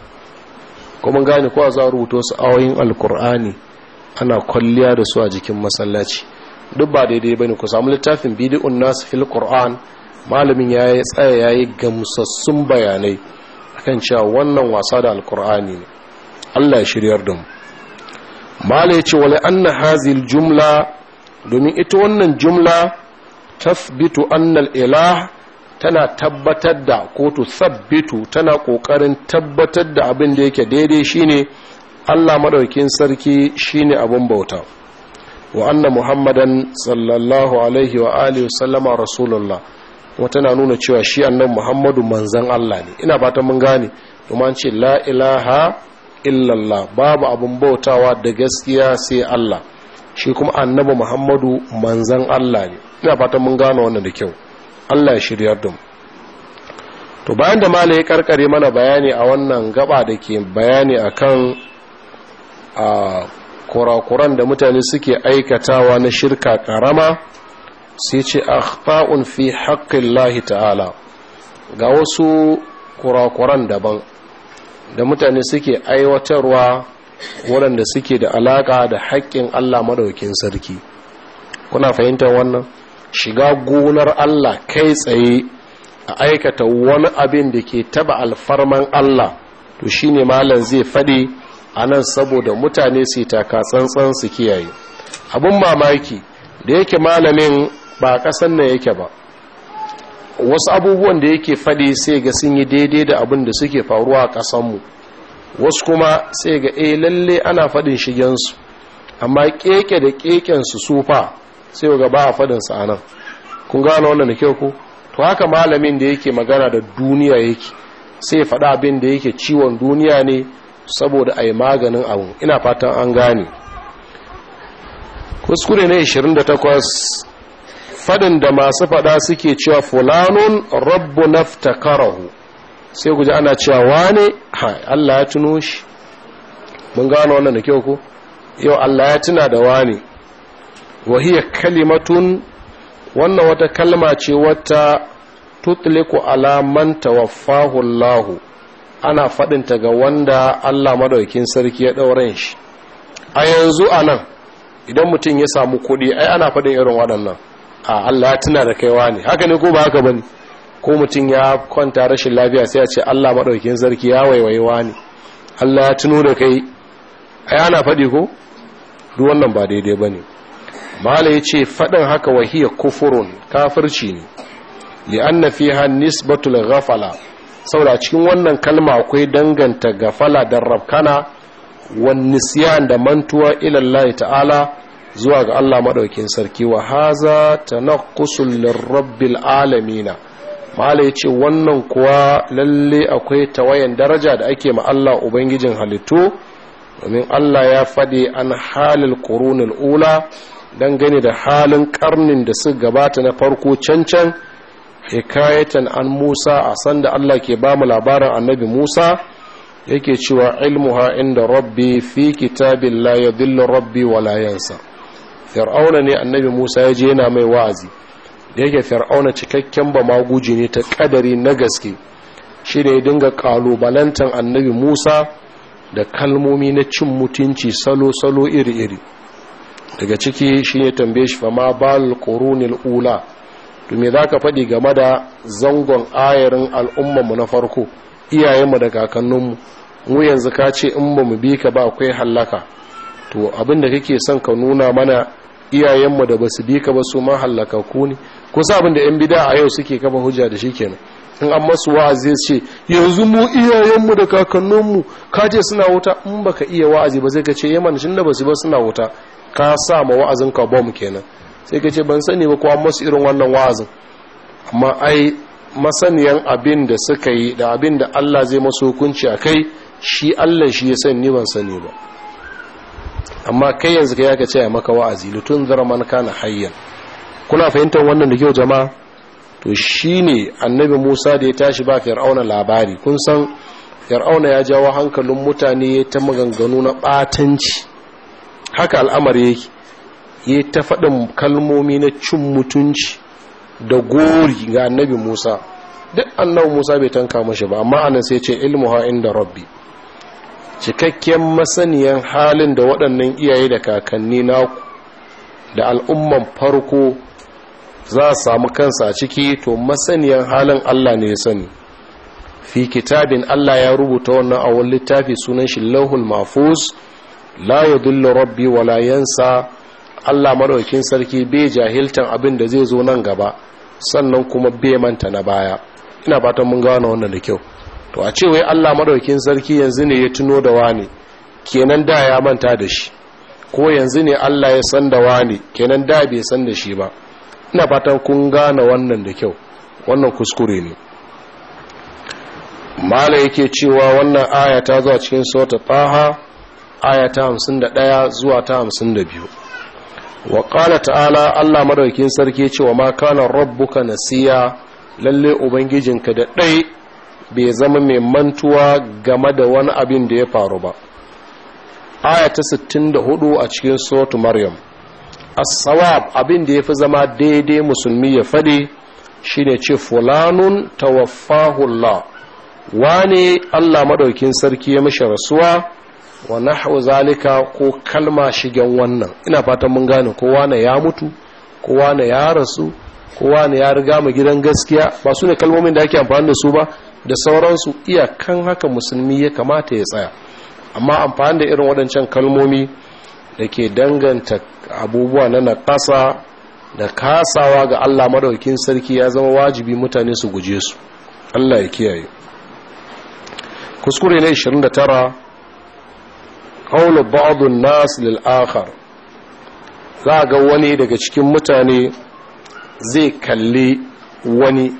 kuma gane kowa za a rubuta wasu awoyin alkur'ani ana kwalliya da su a jikin masallaci duk ba daidai ba ne ku samu littafin bidi'un nasu fil qur'an malamin ya yi tsaya ya yi gamsassun bayanai kan cewa wannan wasa da alkur'ani ne allah ya shiryar da mu mala ya ce wale an na hazil jumla domin ita wannan jumla tasbitu annal ilah tana tabbatar da ko to sabbitu tana kokarin tabbatar da abin da yake daidai shine Allah maɗaukin sarki shine abin bauta wa anna muhammadan sallallahu alaihi wa alihi sallama rasulullah kuma tana nuna cewa shi annabi muhammadu manzan Allah ne ina fata mun gane kuma an ce la ilaha illallah babu abin bautawa da gaskiya sai Allah shi kuma annabi muhammadu manzan allah ne ina fatan mun gano wannan da kyau allah ya shirya da to bayan da malai ya karkare mana bayani a wannan gaba da ke bayani akan a kurakuran da mutane suke aikatawa na shirka karama sai ce akhfa'un fi lahi ta'ala ga wasu kurakuran daban da mutane suke aiwatarwa waɗanda suke da alaƙa da haƙƙin Allah maɗaukin sarki kuna fahimtar wannan shiga gonar Allah kai tsaye a aikata wani abin da ke taba alfarman Allah to shine malam zai faɗi a nan saboda mutane su taka tsantsan su kiyaye abin mamaki da yake malamin ba ƙasan nan yake ba wasu abubuwan da yake faɗi sai ga sun yi daidai da abin da suke faruwa a ƙasanmu mu wasu kuma sai ga eh lalle ana faɗin shigensu amma keke da kekensu su fa sai ga ba a faɗin sa nan kun gano wannan da kyau ko to haka malamin da yake magana da duniya yake sai faɗa abin da yake ciwon duniya ne saboda a yi maganin abu ina fatan an gane kuskure na 28 fadin da masu fada suke cewa fulanun rabbu naftakarahu sai guji ana cewa wane ha Allah ya tuno shi mun gano wannan da kyau ko yau Allah ya tuna da wane wahiyar kalimatun wannan wata kalma ce wata tutliku alaman tawaffahu Allah ana faɗinta ga wanda Allah madaukin sarki ya ɗauren shi a yanzu anan idan mutum ya samu kuɗi ai ana fadin irin waɗannan a Allah ya tuna da kai ne haka ne ko ba haka bane ko mutum ya kwanta rashin lafiya sai a ce Allah maɗaukin zarki ya waiwaiwa ne Allah ya tuno da kai ai ana faɗi ko ruwan wannan ba daidai ba ne mala ya ce faɗin haka wahiya kufurun kafirci ne an na fi hannis nisbatul gafala. saboda cikin wannan kalma akwai danganta gafala da rabkana wani siyan da mantuwa ilallahi ta'ala zuwa ga Allah maɗaukin sarki wa haza kusurin rabbil alamina mala ya ce wannan kuwa lalle akwai tawayan daraja da ake ma Allah ubangijin halittu domin Allah ya faɗi an halin ƙorunin ula don gani da halin karnin da su gabata na farko cancan hikayatan an musa a sanda Allah ke ba mu labarin annabi musa yake cewa ilmuha inda rabbi fi kitabin la ya rabbi wa layansa fir'auna ne annabi musa ya je yana mai wa'azi da yake fir'auna cikakken ba maguji ne ta kadari na gaske shi da ya dinga kalubalantar annabi musa da kalmomi na cin mutunci salo-salo iri-iri daga ciki shi ne tambaye shi fama bal koronil ula to me za ka faɗi game da zangon ayarin al'ummanmu na farko iyayenmu da kakanninmu mu yanzu ka ce in ba mu bi ka ba akwai hallaka to abin da kake son ka nuna mana iyayenmu da ba su bi ka ba su ma hallakaku ne ko sabon da yan bida a yau suke kama hujja da shi kenan in an masu wa'azi ce yanzu mu iyayenmu da kakanninmu ka ce suna wuta in baka iya wa'azi ba zai ka ce yaman eh shi da basu ba suna wuta ka sa ma wa'azin ka bom kenan sai ka ce ban sani ba ko an masu irin wannan wa'azin amma ai masaniyan abin da suka yi da abin da Allah zai masu hukunci a kai shi Allah shi ya sani ban sani ba amma kai yanzu ka ya ka ce maka wa'azi lutun zara man kana hayyan kuna fahimtar wannan da kyau jama'a to ne annabi Musa da ya tashi ba fir'auna labari kun san fir'auna ya jawo hankalin mutane ta maganganu na batanci haka al'amari yake ya ta faɗin kalmomi na cin mutunci da gori ga annabi Musa duk annabi Musa bai tanka mashi ba amma anan sai ce ilmu ha inda rabbi cikakken masaniyan halin da waɗannan iyaye da kakanni naku da al'umman farko za a samu kansa a ciki to masaniyan halin Allah ne ya sani fi kitabin Allah ya rubuta wannan a wani littafi sunan shi lauhul mafus la yadullu rabbi wala yansa Allah madaukakin sarki bai jahiltan abin da zai zo nan gaba sannan kuma bai manta na baya ina fatan mun gano wannan da kyau to a ce wai Allah madaukakin sarki yanzu ne ya tuno da wani kenan da ya manta da shi ko yanzu ne Allah ya san da wani kenan da bai san da shi ba ina fatan kun gane wannan da kyau wannan kuskure ne mala yake cewa wannan aya ta zuwa cikin sota taha aya ta hamsin da ɗaya zuwa ta hamsin da biyu wa ƙala ta'ala allah madaukin sarki cewa ma kana rabbuka nasiya lalle ubangijinka da ɗai bai zama mai mantuwa game da wani abin da ya faru ba aya ta 64 a cikin sota maryam as-sawab abin da yafi zama daidai musulmi ya fade shine ce fulanun tawaffahu Allah wane Allah madaukin sarki ya mishi rasuwa wa nahwu zalika ko kalma shigen wannan ina fatan mun gane kowa ne ya mutu kowa ne ya rasu kowa ne ya riga mu gidan gaskiya ba su ne kalmomin da ake amfani da su ba da sauransu kan haka musulmi ya kamata ya tsaya amma amfani da irin waɗancan kalmomi da ke danganta abubuwa na naƙasa da kasawa ga Allah madaukin sarki ya zama wajibi mutane su guje su Allah ya kiyaye kuskure na 29 qawlu ba'd an-nas lil akhar za ga wani daga cikin mutane zai kalli wani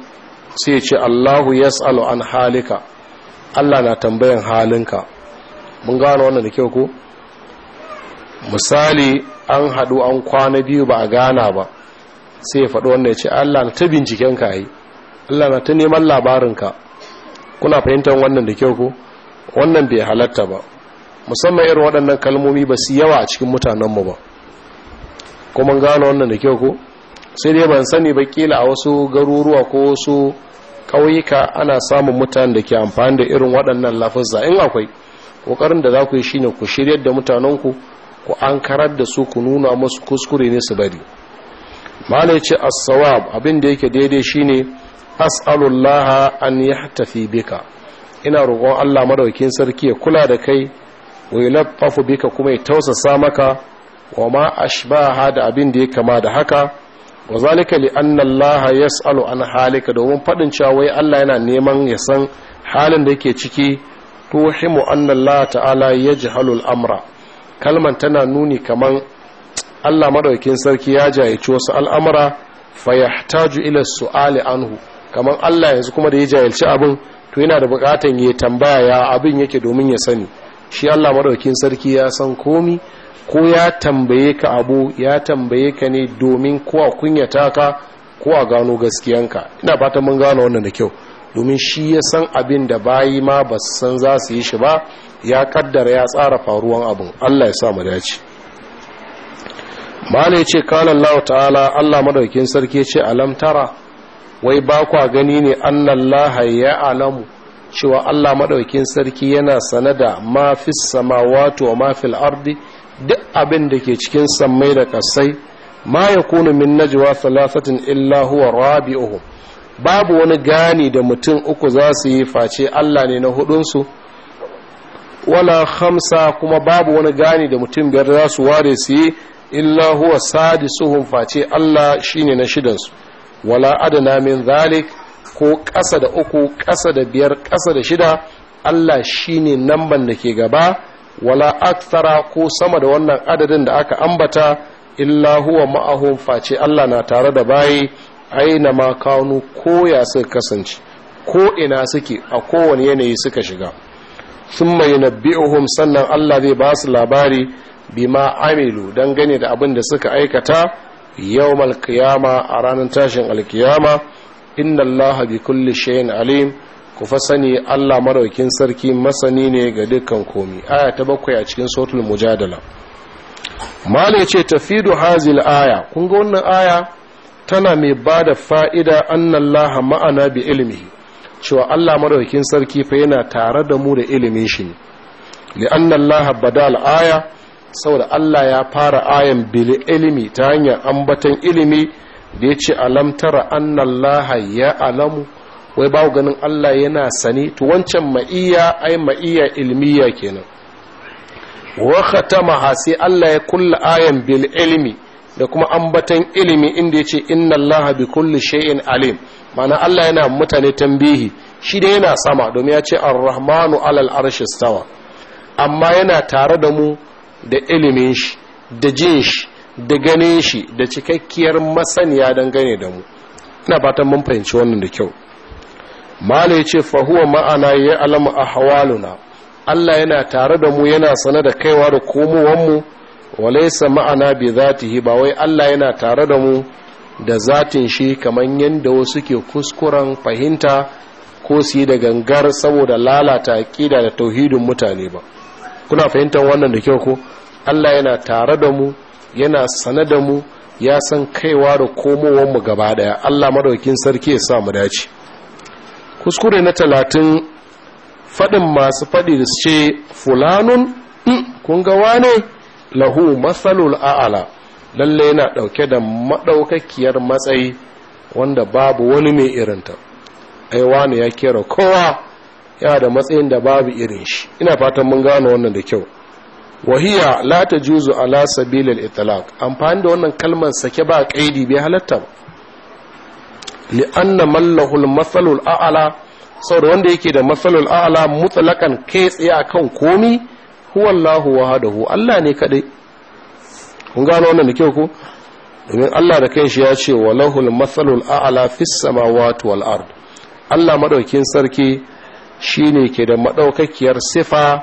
sai ce Allahu yas'alu an halika Allah na tambayan halinka mun gano wannan da kyau ko misali an hadu an kwana biyu ba a gana ba sai ya faɗi wanda ya ce allah na ta binciken ka yi allah na ta neman labarinka kuna fahimtar wannan da kyau ko wannan bai halatta ba musamman irin waɗannan kalmomi ba su yawa a cikin mutanenmu ba kuma gano wannan da kyau ko sai dai ban sani ba kila a wasu garuruwa ko wasu ƙauyuka ana samun mutanen da ke amfani da irin waɗannan lafazza in akwai ƙoƙarin da za ku yi shine ku shiryar da mutanenku ku an karar da su ku nuna musu kuskure ne su bari mala ya ce asawab abin da yake daidai shine as'alullaha an tafi bika ina roƙon Allah madaukin sarki ya kula da kai wai yulaffafu bika kuma ya tausasa maka wa ma ashbaha da abin da ya kama da haka wa zalika li anna yas'alu an halika domin fadin cewa wai Allah yana neman ya san halin da yake ciki tuhimu anna ta'ala yajhalul amra kalman tana nuni kaman Allah madaukin sarki ya jayyaci wasu al'amura fayahtaju ila su'ali anhu kaman Allah yanzu kuma da ya jayyaci abin to yana da bukatan ya tambaya ya abin yake domin ya sani shi Allah madaukin sarki ya san komi ko ya tambaye ka abu ya tambaye ka ne domin ko a kunyata ka ko a gano gaskiyanka ina fatan mun gano wannan da kyau domin shi ya san abin da bayi ma ba san za su yi shi ba ya kaddara ya tsara faruwan abin Allah ya sa mu dace ya ce kana ta'ala Allah madaukin sarki ce alam tara wai ba kwa gani ne annallaha ya alamu cewa Allah madaukin sarki yana sane da fis samawati wa ma ardi duk abin da ke cikin sammai da kasai ma yakunu min najwa salasatin illa huwa rabi'uhum babu wani gani da mutum uku za su yi face Allah ne na hudunsu wala hamsa kuma babu wani gani da mutum biyar za su ware su yi illa huwa sadi suhun face Allah shine na shidansu wala adana min zalik ko ƙasa da uku ƙasa da biyar ƙasa da shida Allah shine namban da ke gaba wala aktara ko sama da wannan adadin da aka ambata illa huwa ma'ahun face Allah na tare da bayi aina ma kanu koya suka kasance ko ina suke a kowane yanayi suka shiga sun mai nabbi'uhum sannan Allah zai ba su labari ma amilu don gane da abin da suka aikata yau malkiyama a ranar tashin alkiyama inna Allah bi kulli shay'in alim ku fa sani Allah maraukin sarki masani ne ga dukkan komi aya ta bakwai a cikin suratul mujadala mala ce tafidu hazil aya kun ga wannan aya tana mai ba da fa'ida laha ma'ana bi ilimi cewa Allah maraukin sarki fa yana tare da mu da ilimin shi ne li annallaha bada aya saboda Allah ya fara ayan bil ilimi ta hanyar ambatan ilimi da ya ce alam tara laha ya alamu wai bawo ganin Allah yana sani to wancan ma'iya ai ma'iya ilmiya kenan wa khatamaha sai Allah ya kulla ayan bil ilimi da kuma batan ilimi inda ya ce inna Allah bi kulli shay'in alim mana Allah yana mutane tambihi shi da yana sama domin ya ce ar-rahmanu alal arshi stawa amma yana tare da mu da ilimin shi da jin shi da ganin shi da cikakkiyar masaniya dangane da mu ina fatan mun fahimci wannan da kyau mala ya ce fa huwa ma'ana ya alama a Allah yana tare da mu yana sane da kaiwa da komowanmu walaisa ma'ana bi zatihi ba wai Allah yana tare da mu da zatin shi kamar yadda wasu ke kuskuren fahimta ko su yi da gangar saboda lalata aqida da tauhidin mutane ba kuna fahimtar wannan da kyau ko Allah yana tare da mu yana sane da mu ya san kaiwa da komowar mu gaba daya Allah madaukin sarki ya sa mu dace kuskure na talatin faɗin masu faɗi da su ce fulanun mm, kun ga wane lahu masalul a'ala lalle yana ɗauke da madaukakiyar matsayi wanda babu wani mai irinta ai wani ya kera kowa yana da matsayin da babu irin shi ina fatan mun gano wannan da kyau wahiya la ta tajuzu ala sabilil itlaq amfani da wannan kalmar sake ba kaidi bai halatta ba li anna mallahul masalul a'ala saboda wanda yake da masalul a'ala mutlaqan kai tsaye akan komi huwallahu hadahu Allah ne kadai kun gano wannan da kyau ko domin Allah da kanshi ya ce walahul masalul a'la fis samawati wal ard Allah madaukin sarki shine ke da madaukakiyar sifa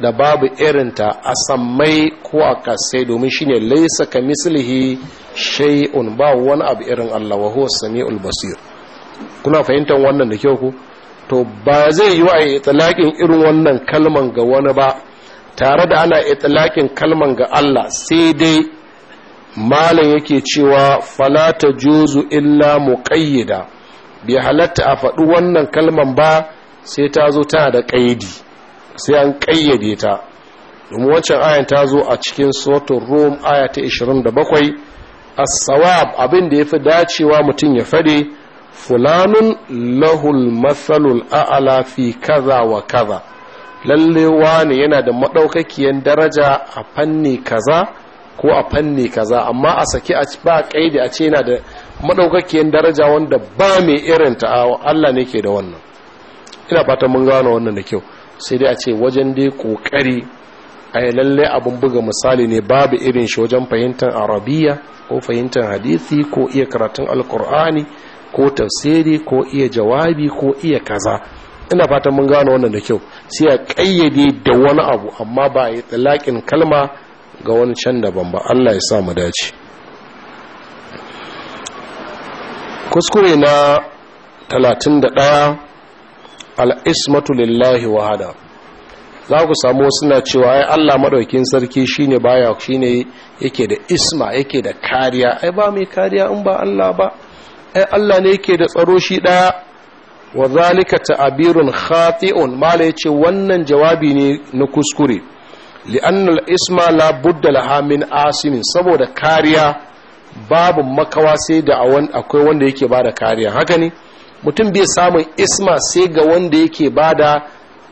da babu irinta a sammai ko a kasai domin shine laisa mislihi shay'un ba wani abu irin Allah wa huwa samiul basir kuna fahimtar wannan da kyau ku to ba zai yi wa a irin wannan kalman ga wani ba tare da ana itilakin kalman ga Allah sai dai malam yake cewa falata juzu illa mu ƙayyada, bai halatta a faɗi wannan kalman ba sai ta zo tana da ƙaidi sai an ƙayyade ta domin wancan ayan ta zo a cikin suratul rom aya ta 27 as-sawab abin da yafi dacewa mutum ya fade fulanun lahul Matsalul, a'ala fi kaza wa kaza lalle wani yana da maɗaukakiyar daraja a fanni kaza ko a fanni kaza amma a saki a ba kaidi a ce yana da maɗaukakiyar daraja wanda ba mai irin ta Allah ne ke da wannan ina fata mun gano wannan da kyau sai dai a ce wajen dai kokari a yi lalle abin buga misali ne babu irin shi wajen fahimtar arabiya ko fahimtar hadisi ko iya karatun alkur'ani ko tafsiri ko iya jawabi ko iya kaza ina fatan mun gano wannan da kyau sai ya kayyade da wani abu amma ba a yi talakin kalma ga wani can daban ba Allah ya sa mu dace kuskure na 31 al-ismatu lillahi wahada za ku samu wasu na cewa ai Allah madaukin sarki shine baya shine yake da isma yake da kariya ai ba mai kariya in ba Allah ba ai Allah ne yake da tsaro shi daya wa zalika ta'abirun khati'un mala yace wannan jawabi ne na kuskure li'anna al-isma la budda laha min asimin saboda kariya babu makawa sai da akwai wanda yake bada kariya haka ne mutum bai samun isma sai ga wanda yake bada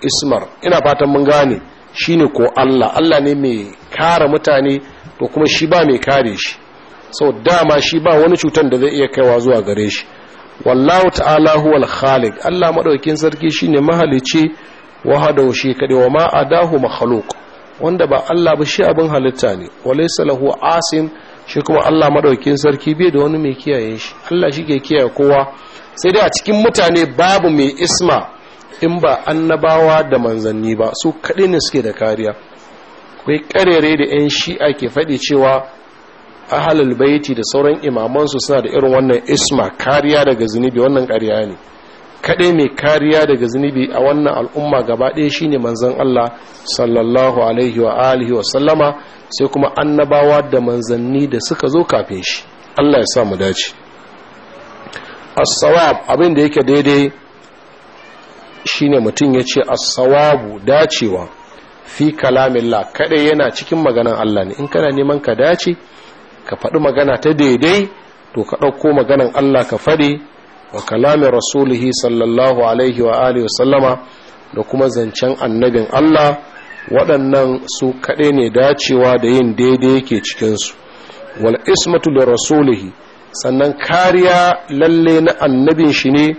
ismar ina fatan mun gane shine ko Allah Allah ne mai kare mutane to kuma shi ba mai kare shi so dama shi ba wani cutar da zai iya kaiwa zuwa gare shi wallahu ta'ala al khaliq Allah maɗaukin sarki shine mahalicci wahadahu shi kadai wa ma adahu makhluq wanda ba Allah ba shi abin halitta ne walaysa lahu asim shi kuma Allah madaukin sarki bai da wani mai kiyaye shi Allah shi ke kiyaye kowa sai dai a cikin mutane babu mai isma in ba annabawa da manzanni ba su kadai ne suke da kariya akwai karere da 'yan shi'a ke faɗi cewa ahalul baiti da sauran imaman su suna da irin wannan isma kariya daga zunubi wannan kariya ne kadai mai kariya daga zunubi a wannan al'umma gaba ɗaya shine manzon Allah sallallahu alaihi wa alihi wa sallama sai kuma annabawa da manzanni da suka zo kafin shi Allah ya sa mu dace as-sawab abin da yake daidai shine mutum ya ce as-sawabu dacewa fi kalamillah kadai yana cikin maganan Allah ne in kana neman ka dace ka faɗi magana ta daidai to ka ɗauko maganan Allah ka faɗi wa kalamin rasulihi sallallahu alaihi wa alihi sallama da kuma zancen annabin Allah waɗannan su kaɗai ne dacewa da yin daidai yake cikinsu wal ismatu la rasulihi sannan kariya lalle na annabin shi ne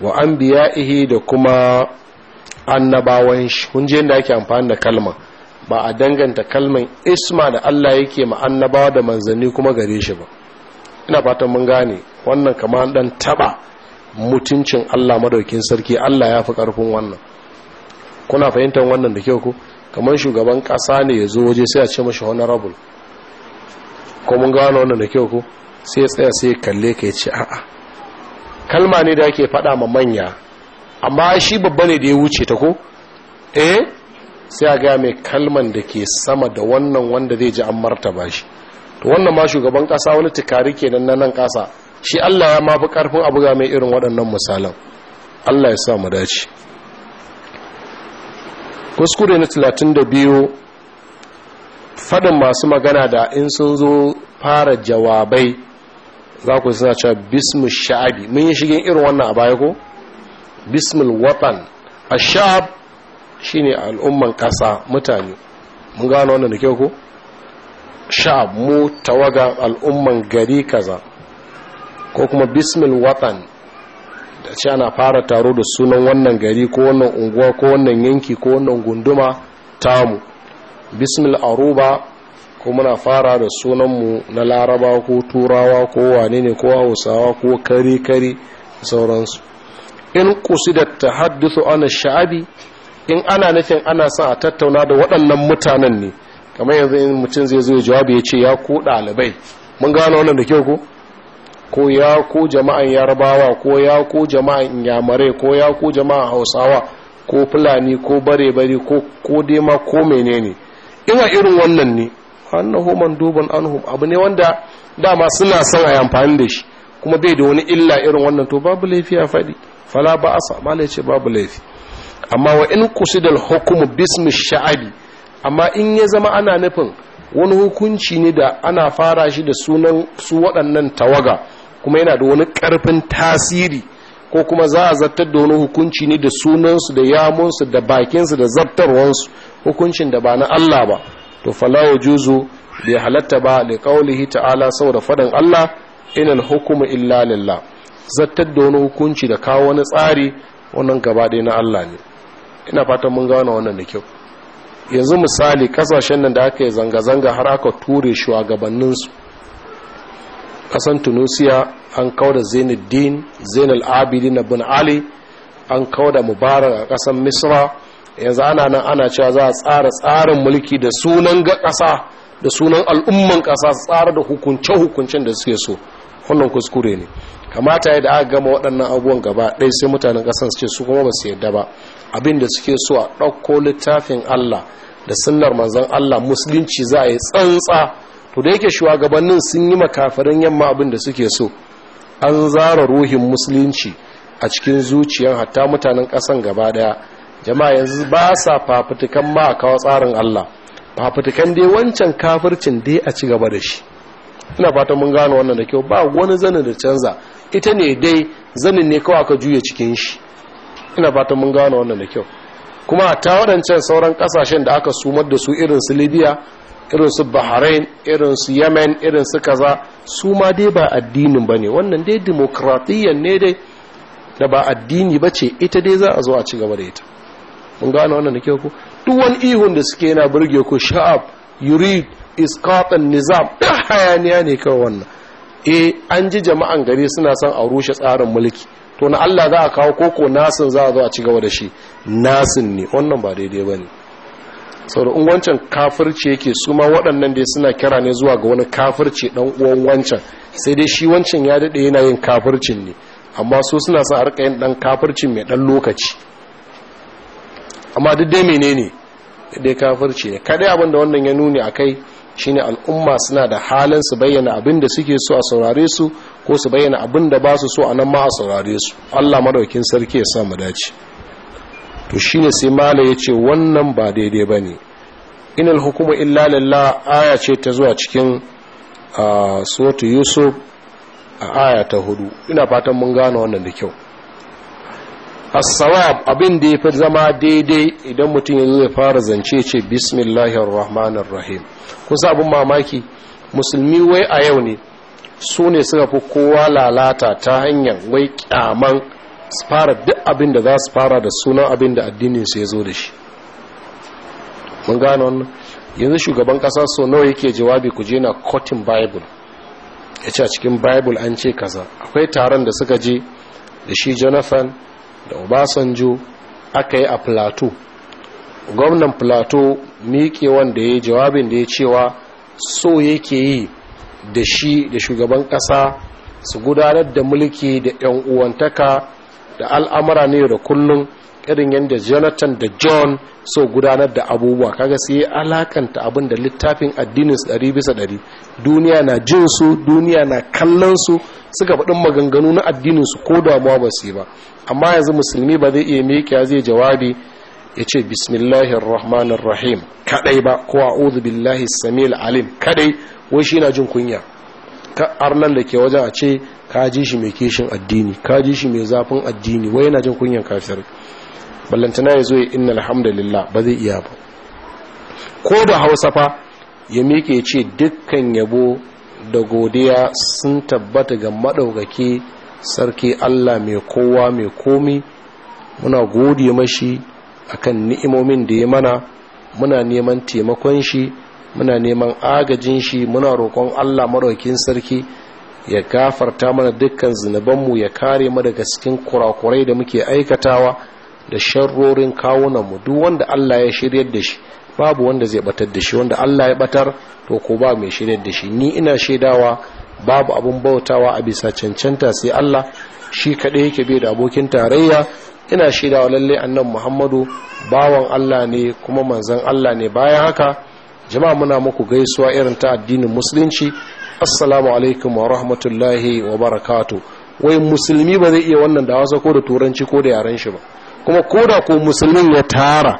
wa an ihi da kuma annabawan shi kun je da ake amfani da kalma ba a danganta kalman isma da Allah yake ma'annaba da manzanni kuma gare shi ba ina fatan mun gane wannan kamar dan taba mutuncin Allah madaukin sarki Allah ya fi karfin wannan kuna fahimtar wannan da kyau ko kamar shugaban kasa ne ya zo waje sai a ce mashi honorable ko mun gano wannan da kyau ko sai ya tsaya sai kalle ka ya ce a'a kalma ne da ake faɗa ma manya amma shi babba ne da ya wuce ta ko eh sai a gaya mai kalman da ke sama da wannan wanda zai ji an martaba shi to wannan ma shugaban kasa wani tukari kenan na nan kasa shi Allah ya mafi karfin abu ga mai irin waɗannan misalan Allah ya sa mu dace kuskure na 32 fadin masu magana da in sun zo fara jawabai za ku suna cewa bismu sha'abi mun yi shigin irin wannan a baya ko bismul watan sha'ab. shine al'umman kasa mutane mun gano wannan da kyau ko sha'ab mu tawaga al'umman gari kaza ko kuma bismil watan da ce ana fara taro da sunan wannan gari ko wannan unguwa ko wannan yanki ko wannan gunduma tamu bismil aruba ko muna fara da sunan mu na laraba ko turawa ko wane ne ko hausawa ko kari-kari sauransu in kusi da tahaddusu ana sha'abi in ana nufin ana son a tattauna da waɗannan mutanen ne kamar yanzu in mutum zai zai jawabi ya ce ya ku ɗalibai mun gano wannan da kyau ko ko ya ku jama'an yarbawa ko ya ku jama'an yamare ko ya ku jama'an hausawa ko fulani ko bare-bare ko ko dema ko menene ina irin wannan ne annahu an anhum abu ne wanda dama suna son a amfani da shi kuma bai da wani illa irin wannan to babu laifi a faɗi fala ba asa mala ce babu laifi amma wa in kusidal hukumu bismi sha'abi amma in ya zama ana nufin wani hukunci ne da ana fara shi da sunan su waɗannan tawaga kuma yana da wani ƙarfin tasiri ko kuma za a zartar da wani hukunci ne da sunansu da yamunsu da bakinsu da zartarwansu hukuncin da ba na Allah ba to falawo juzu bai halatta ba da kaulihi ta'ala saboda faɗan Allah inal hukumu illa lillah zartar da wani hukunci da kawo wani tsari wannan gaba ɗaya na Allah ne ina fatan mun gane wannan da kyau yanzu misali kasashen nan da aka yi zanga-zanga har aka ture shugabanninsu kasan tunisia an kauda zainuddin zainal abidin bin ali an da mubarak a kasan misra yanzu ana nan ana cewa za a tsara tsarin mulki da sunan ga kasa da sunan al'umman kasa tsara da hukunce-hukuncen da suke so wannan kuskure ne kamata yadda aka gama waɗannan abubuwan gaba ɗaya sai mutanen ƙasar su ce su kuma ba su yadda ba abin da suke so a ɗauko littafin Allah da sunnar manzon Allah musulunci za a yi tsantsa to da yake shugabannin sun yi makafirin yamma abin da suke so an zara ruhin musulunci a cikin zuciyar hatta mutanen ƙasan gaba ɗaya, jama'a yanzu ba sa fafutukan ma a kawo tsarin Allah fafutukan dai wancan kafircin dai a ci gaba da shi ina fata mun gano wannan da kyau ba wani zanin da canza ita ne dai zanin ne kawai aka juya cikin shi ina fatan mun gano wannan da kyau kuma ta waɗancan sauran kasashen da aka sumar da su irin su libya irin su bahrain irin su yemen irin su kaza su ma dai ba addinin ba ne wannan dai demokratiyyar ne dai da ba addini ba ce ita dai za a zo a ci gaba da ita mun gano wannan da kyau ku duk wani ihun da suke yana burge ku sha'ab yurid iskatan nizam hayaniya ne kawai wannan eh an ji jama'an gari suna son a rushe tsarin mulki to na Allah za a kawo koko nasin za a zo a ci gaba da shi nasin ne wannan ba daidai ba ne sau da wancan kafirci yake su ma waɗannan da suna kira ne zuwa ga wani kafirci ɗan uwan wancan sai dai shi wancan ya daɗe yana yin kafircin ne amma su suna sa a yin ɗan kafircin mai ɗan lokaci amma duk dai menene dai kafirci ne kaɗai abin da wannan ya nuni a kai shine al'umma suna da halin su bayyana abin da suke so a saurare su ko su bayyana abin da ba su so a nan ma a saurare su Allah madaukin sarki ya sa mu dace to shine sai mala yace wannan ba daidai bane inal hukuma illa lillah aya ce ta zuwa cikin ah, suratu yusuf a aya ta hudu ina fatan mun gane wannan da kyau as-sawab abin da yafi zama daidai idan mutum yazo ya fara zance ce bismillahir rahmanir rahim abin mamaki musulmi wai a yau ne su ne suka fi kowa lalata ta hanyar wai kyaman su fara duk abin da za su fara da sunan abin da addinin su ya zo da shi mun gane wannan yanzu shugaban kasa so nawa yake jawabi ku je na cotton bible ya ce a cikin bible an ce kaza akwai taron da suka je da shi jonathan da obasanjo aka yi a plateau gwamnan plateau miƙe wanda ya yi jawabin da ya cewa so yake yi da shi da shugaban ƙasa su gudanar da mulki da 'yan uwantaka da al'amura ne da kullum irin yadda jonathan da john so gudanar da abubuwa kaga sai alakanta abin da littafin addinin su ɗari bisa ɗari duniya na jin su duniya na kallon su suka faɗin maganganu na addinin su ko damuwa ba su ba amma yanzu musulmi ba zai iya meke zai jawabi ya ce bismillahir rahmanir rahim kadai ba ko a'udhu billahi samil alim kadai wai shi na jin kunya ka arnan da ke wajen a ce ka ji shi mai kishin addini ka shi mai zafin addini wai yana jin kunyan kafir ballantana ya zo ya inna alhamdulillah ba zai iya ba ko da hausa fa ya mike ce dukkan yabo da godiya sun tabbata ga maɗaukaki sarki allah mai kowa mai komi muna gode mashi akan ni'imomin da ya mana muna neman taimakon shi muna neman agajin shi muna roƙon allah maɗaukin sarki ya gafarta mana dukkan zunubanmu ya kare mu daga cikin kurakurai da muke aikatawa da sharrorin kawunan mu duk wanda Allah ya shiryar da shi babu wanda zai batar da shi wanda Allah ya batar to ko ba mai shiryar da shi ni ina shaidawa babu abun bautawa a bisa cancanta sai Allah shi kaɗai yake bai da abokin tarayya ina shaidawa lalle annan Muhammadu bawan Allah ne kuma manzon Allah ne bayan haka jama'a muna muku gaisuwa irin ta addinin musulunci assalamu alaikum wa rahmatullahi wa barakatuh wai musulmi ba zai iya wannan da wasa ko da turanci ko da yaren shi ba kuma koda ko musulmin ya tara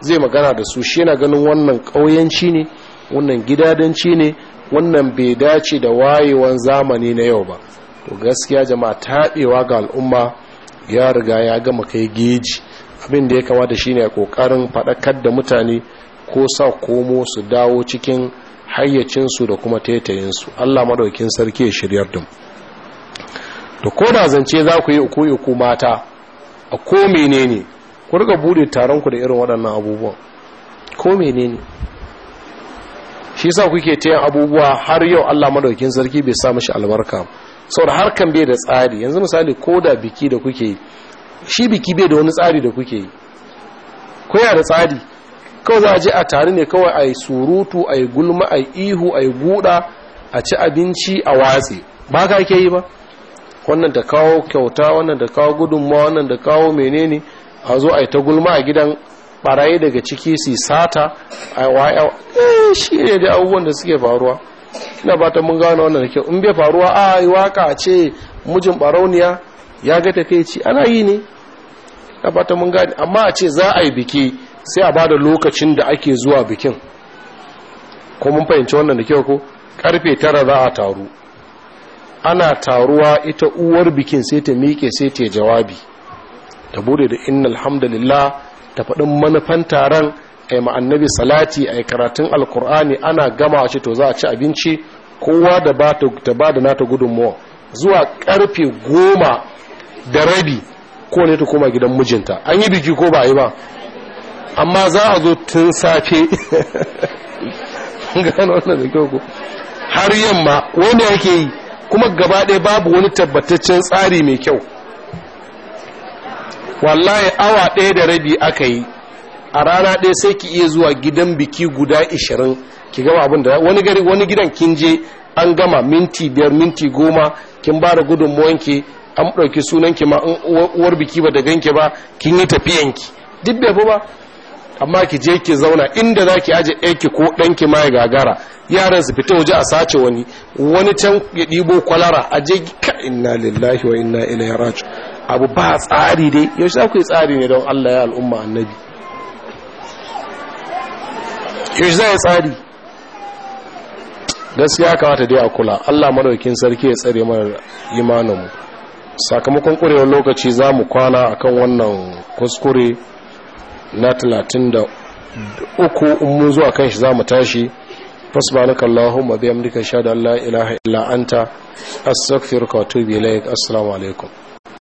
zai magana da su shi yana ganin wannan ƙauyenci ne wannan gidadanci ne wannan bai dace da wayewan zamani na yau ba to gaskiya jama'a taɓewa ga al'umma ya riga ya gama kai geji abin da ya kamata shine a kokarin faɗakar da mutane ko sa komo su dawo cikin hayyacinsu da kuma taitayinsu allah maɗaukin sarki ya shiryar dum to ko da zance za ku yi uku uku mata a ko menene ku riga bude taron ku da irin waɗannan abubuwan ko menene shi sa kuke ta yin abubuwa har yau Allah madaukin sarki bai sa mishi albarka saboda harkan bai da tsari yanzu misali ko da biki da kuke yi shi biki bai da wani tsari da kuke yi ko ya da tsari kawai za a je a tare ne kawai a yi surutu a yi gulma a yi ihu a yi guda a ci abinci a watse ba ka ke yi ba wannan ta kawo kyauta wannan ta kawo gudunmawa wannan ta kawo menene a zo a yi ta gulma a gidan barayi daga ciki su sata a yi waya eh shi ne da abubuwan da suke faruwa ina ba mun gane wannan da kyau in bai faruwa a yi waka a ce mijin barauniya ya ga ta kai ci ana yi ne ina ba mun gane amma a ce za a yi biki sai a bada lokacin da ake zuwa bikin ko mun fahimci wannan da kyau ko karfe tara za a taru ana taruwa ita uwar bikin sai ta miƙe sai ta jawabi ta bude da inna alhamdulillah ta faɗin manufan taron a yi ma'annabi salati a yi karatun alkur'ani ana gama ce to za a ci abinci kowa da ba da nata gudunmuwa zuwa karfe goma da rabi ko ne ta koma gidan mijinta an yi biki ko ba yi ba amma za a zo tun safe har yamma wanda yake yi kuma gaba ɗaya babu wani tabbataccen tsari mai kyau wallahi awa ɗaya da rabi aka yi a rana ɗaya sai ki iya zuwa gidan biki guda ishirin ki gama abin da wani gari wani gidan kin je an gama minti biyar minti goma kin ba da gudunmuwanki an ɗauki sunanki ma uwar biki ba da ganki ba kin yi tafiyanki duk bai ba amma ki je ki zauna inda za ki aje ɗanki ko ɗanki ma ya gagara yaran su fita waje a sace wani wani can ya ɗibo kwalara a je ka inna lillahi wa inna ilaihi raji abu ba tsari dai yau za ku tsari ne don allah ya al'umma annabi yaushe za yi tsari gaskiya kamata dai a kula allah madaukin sarki ya tsare mana imaninmu sakamakon kwarewar lokaci za mu kwana akan wannan kuskure na talatin da uku mu zuwa kan shi za mu tashi fasbanaka Allahumma bihamdika shada Allah ilaha illa anta astaghfiruka wa atubu ilaik assalamu alaikum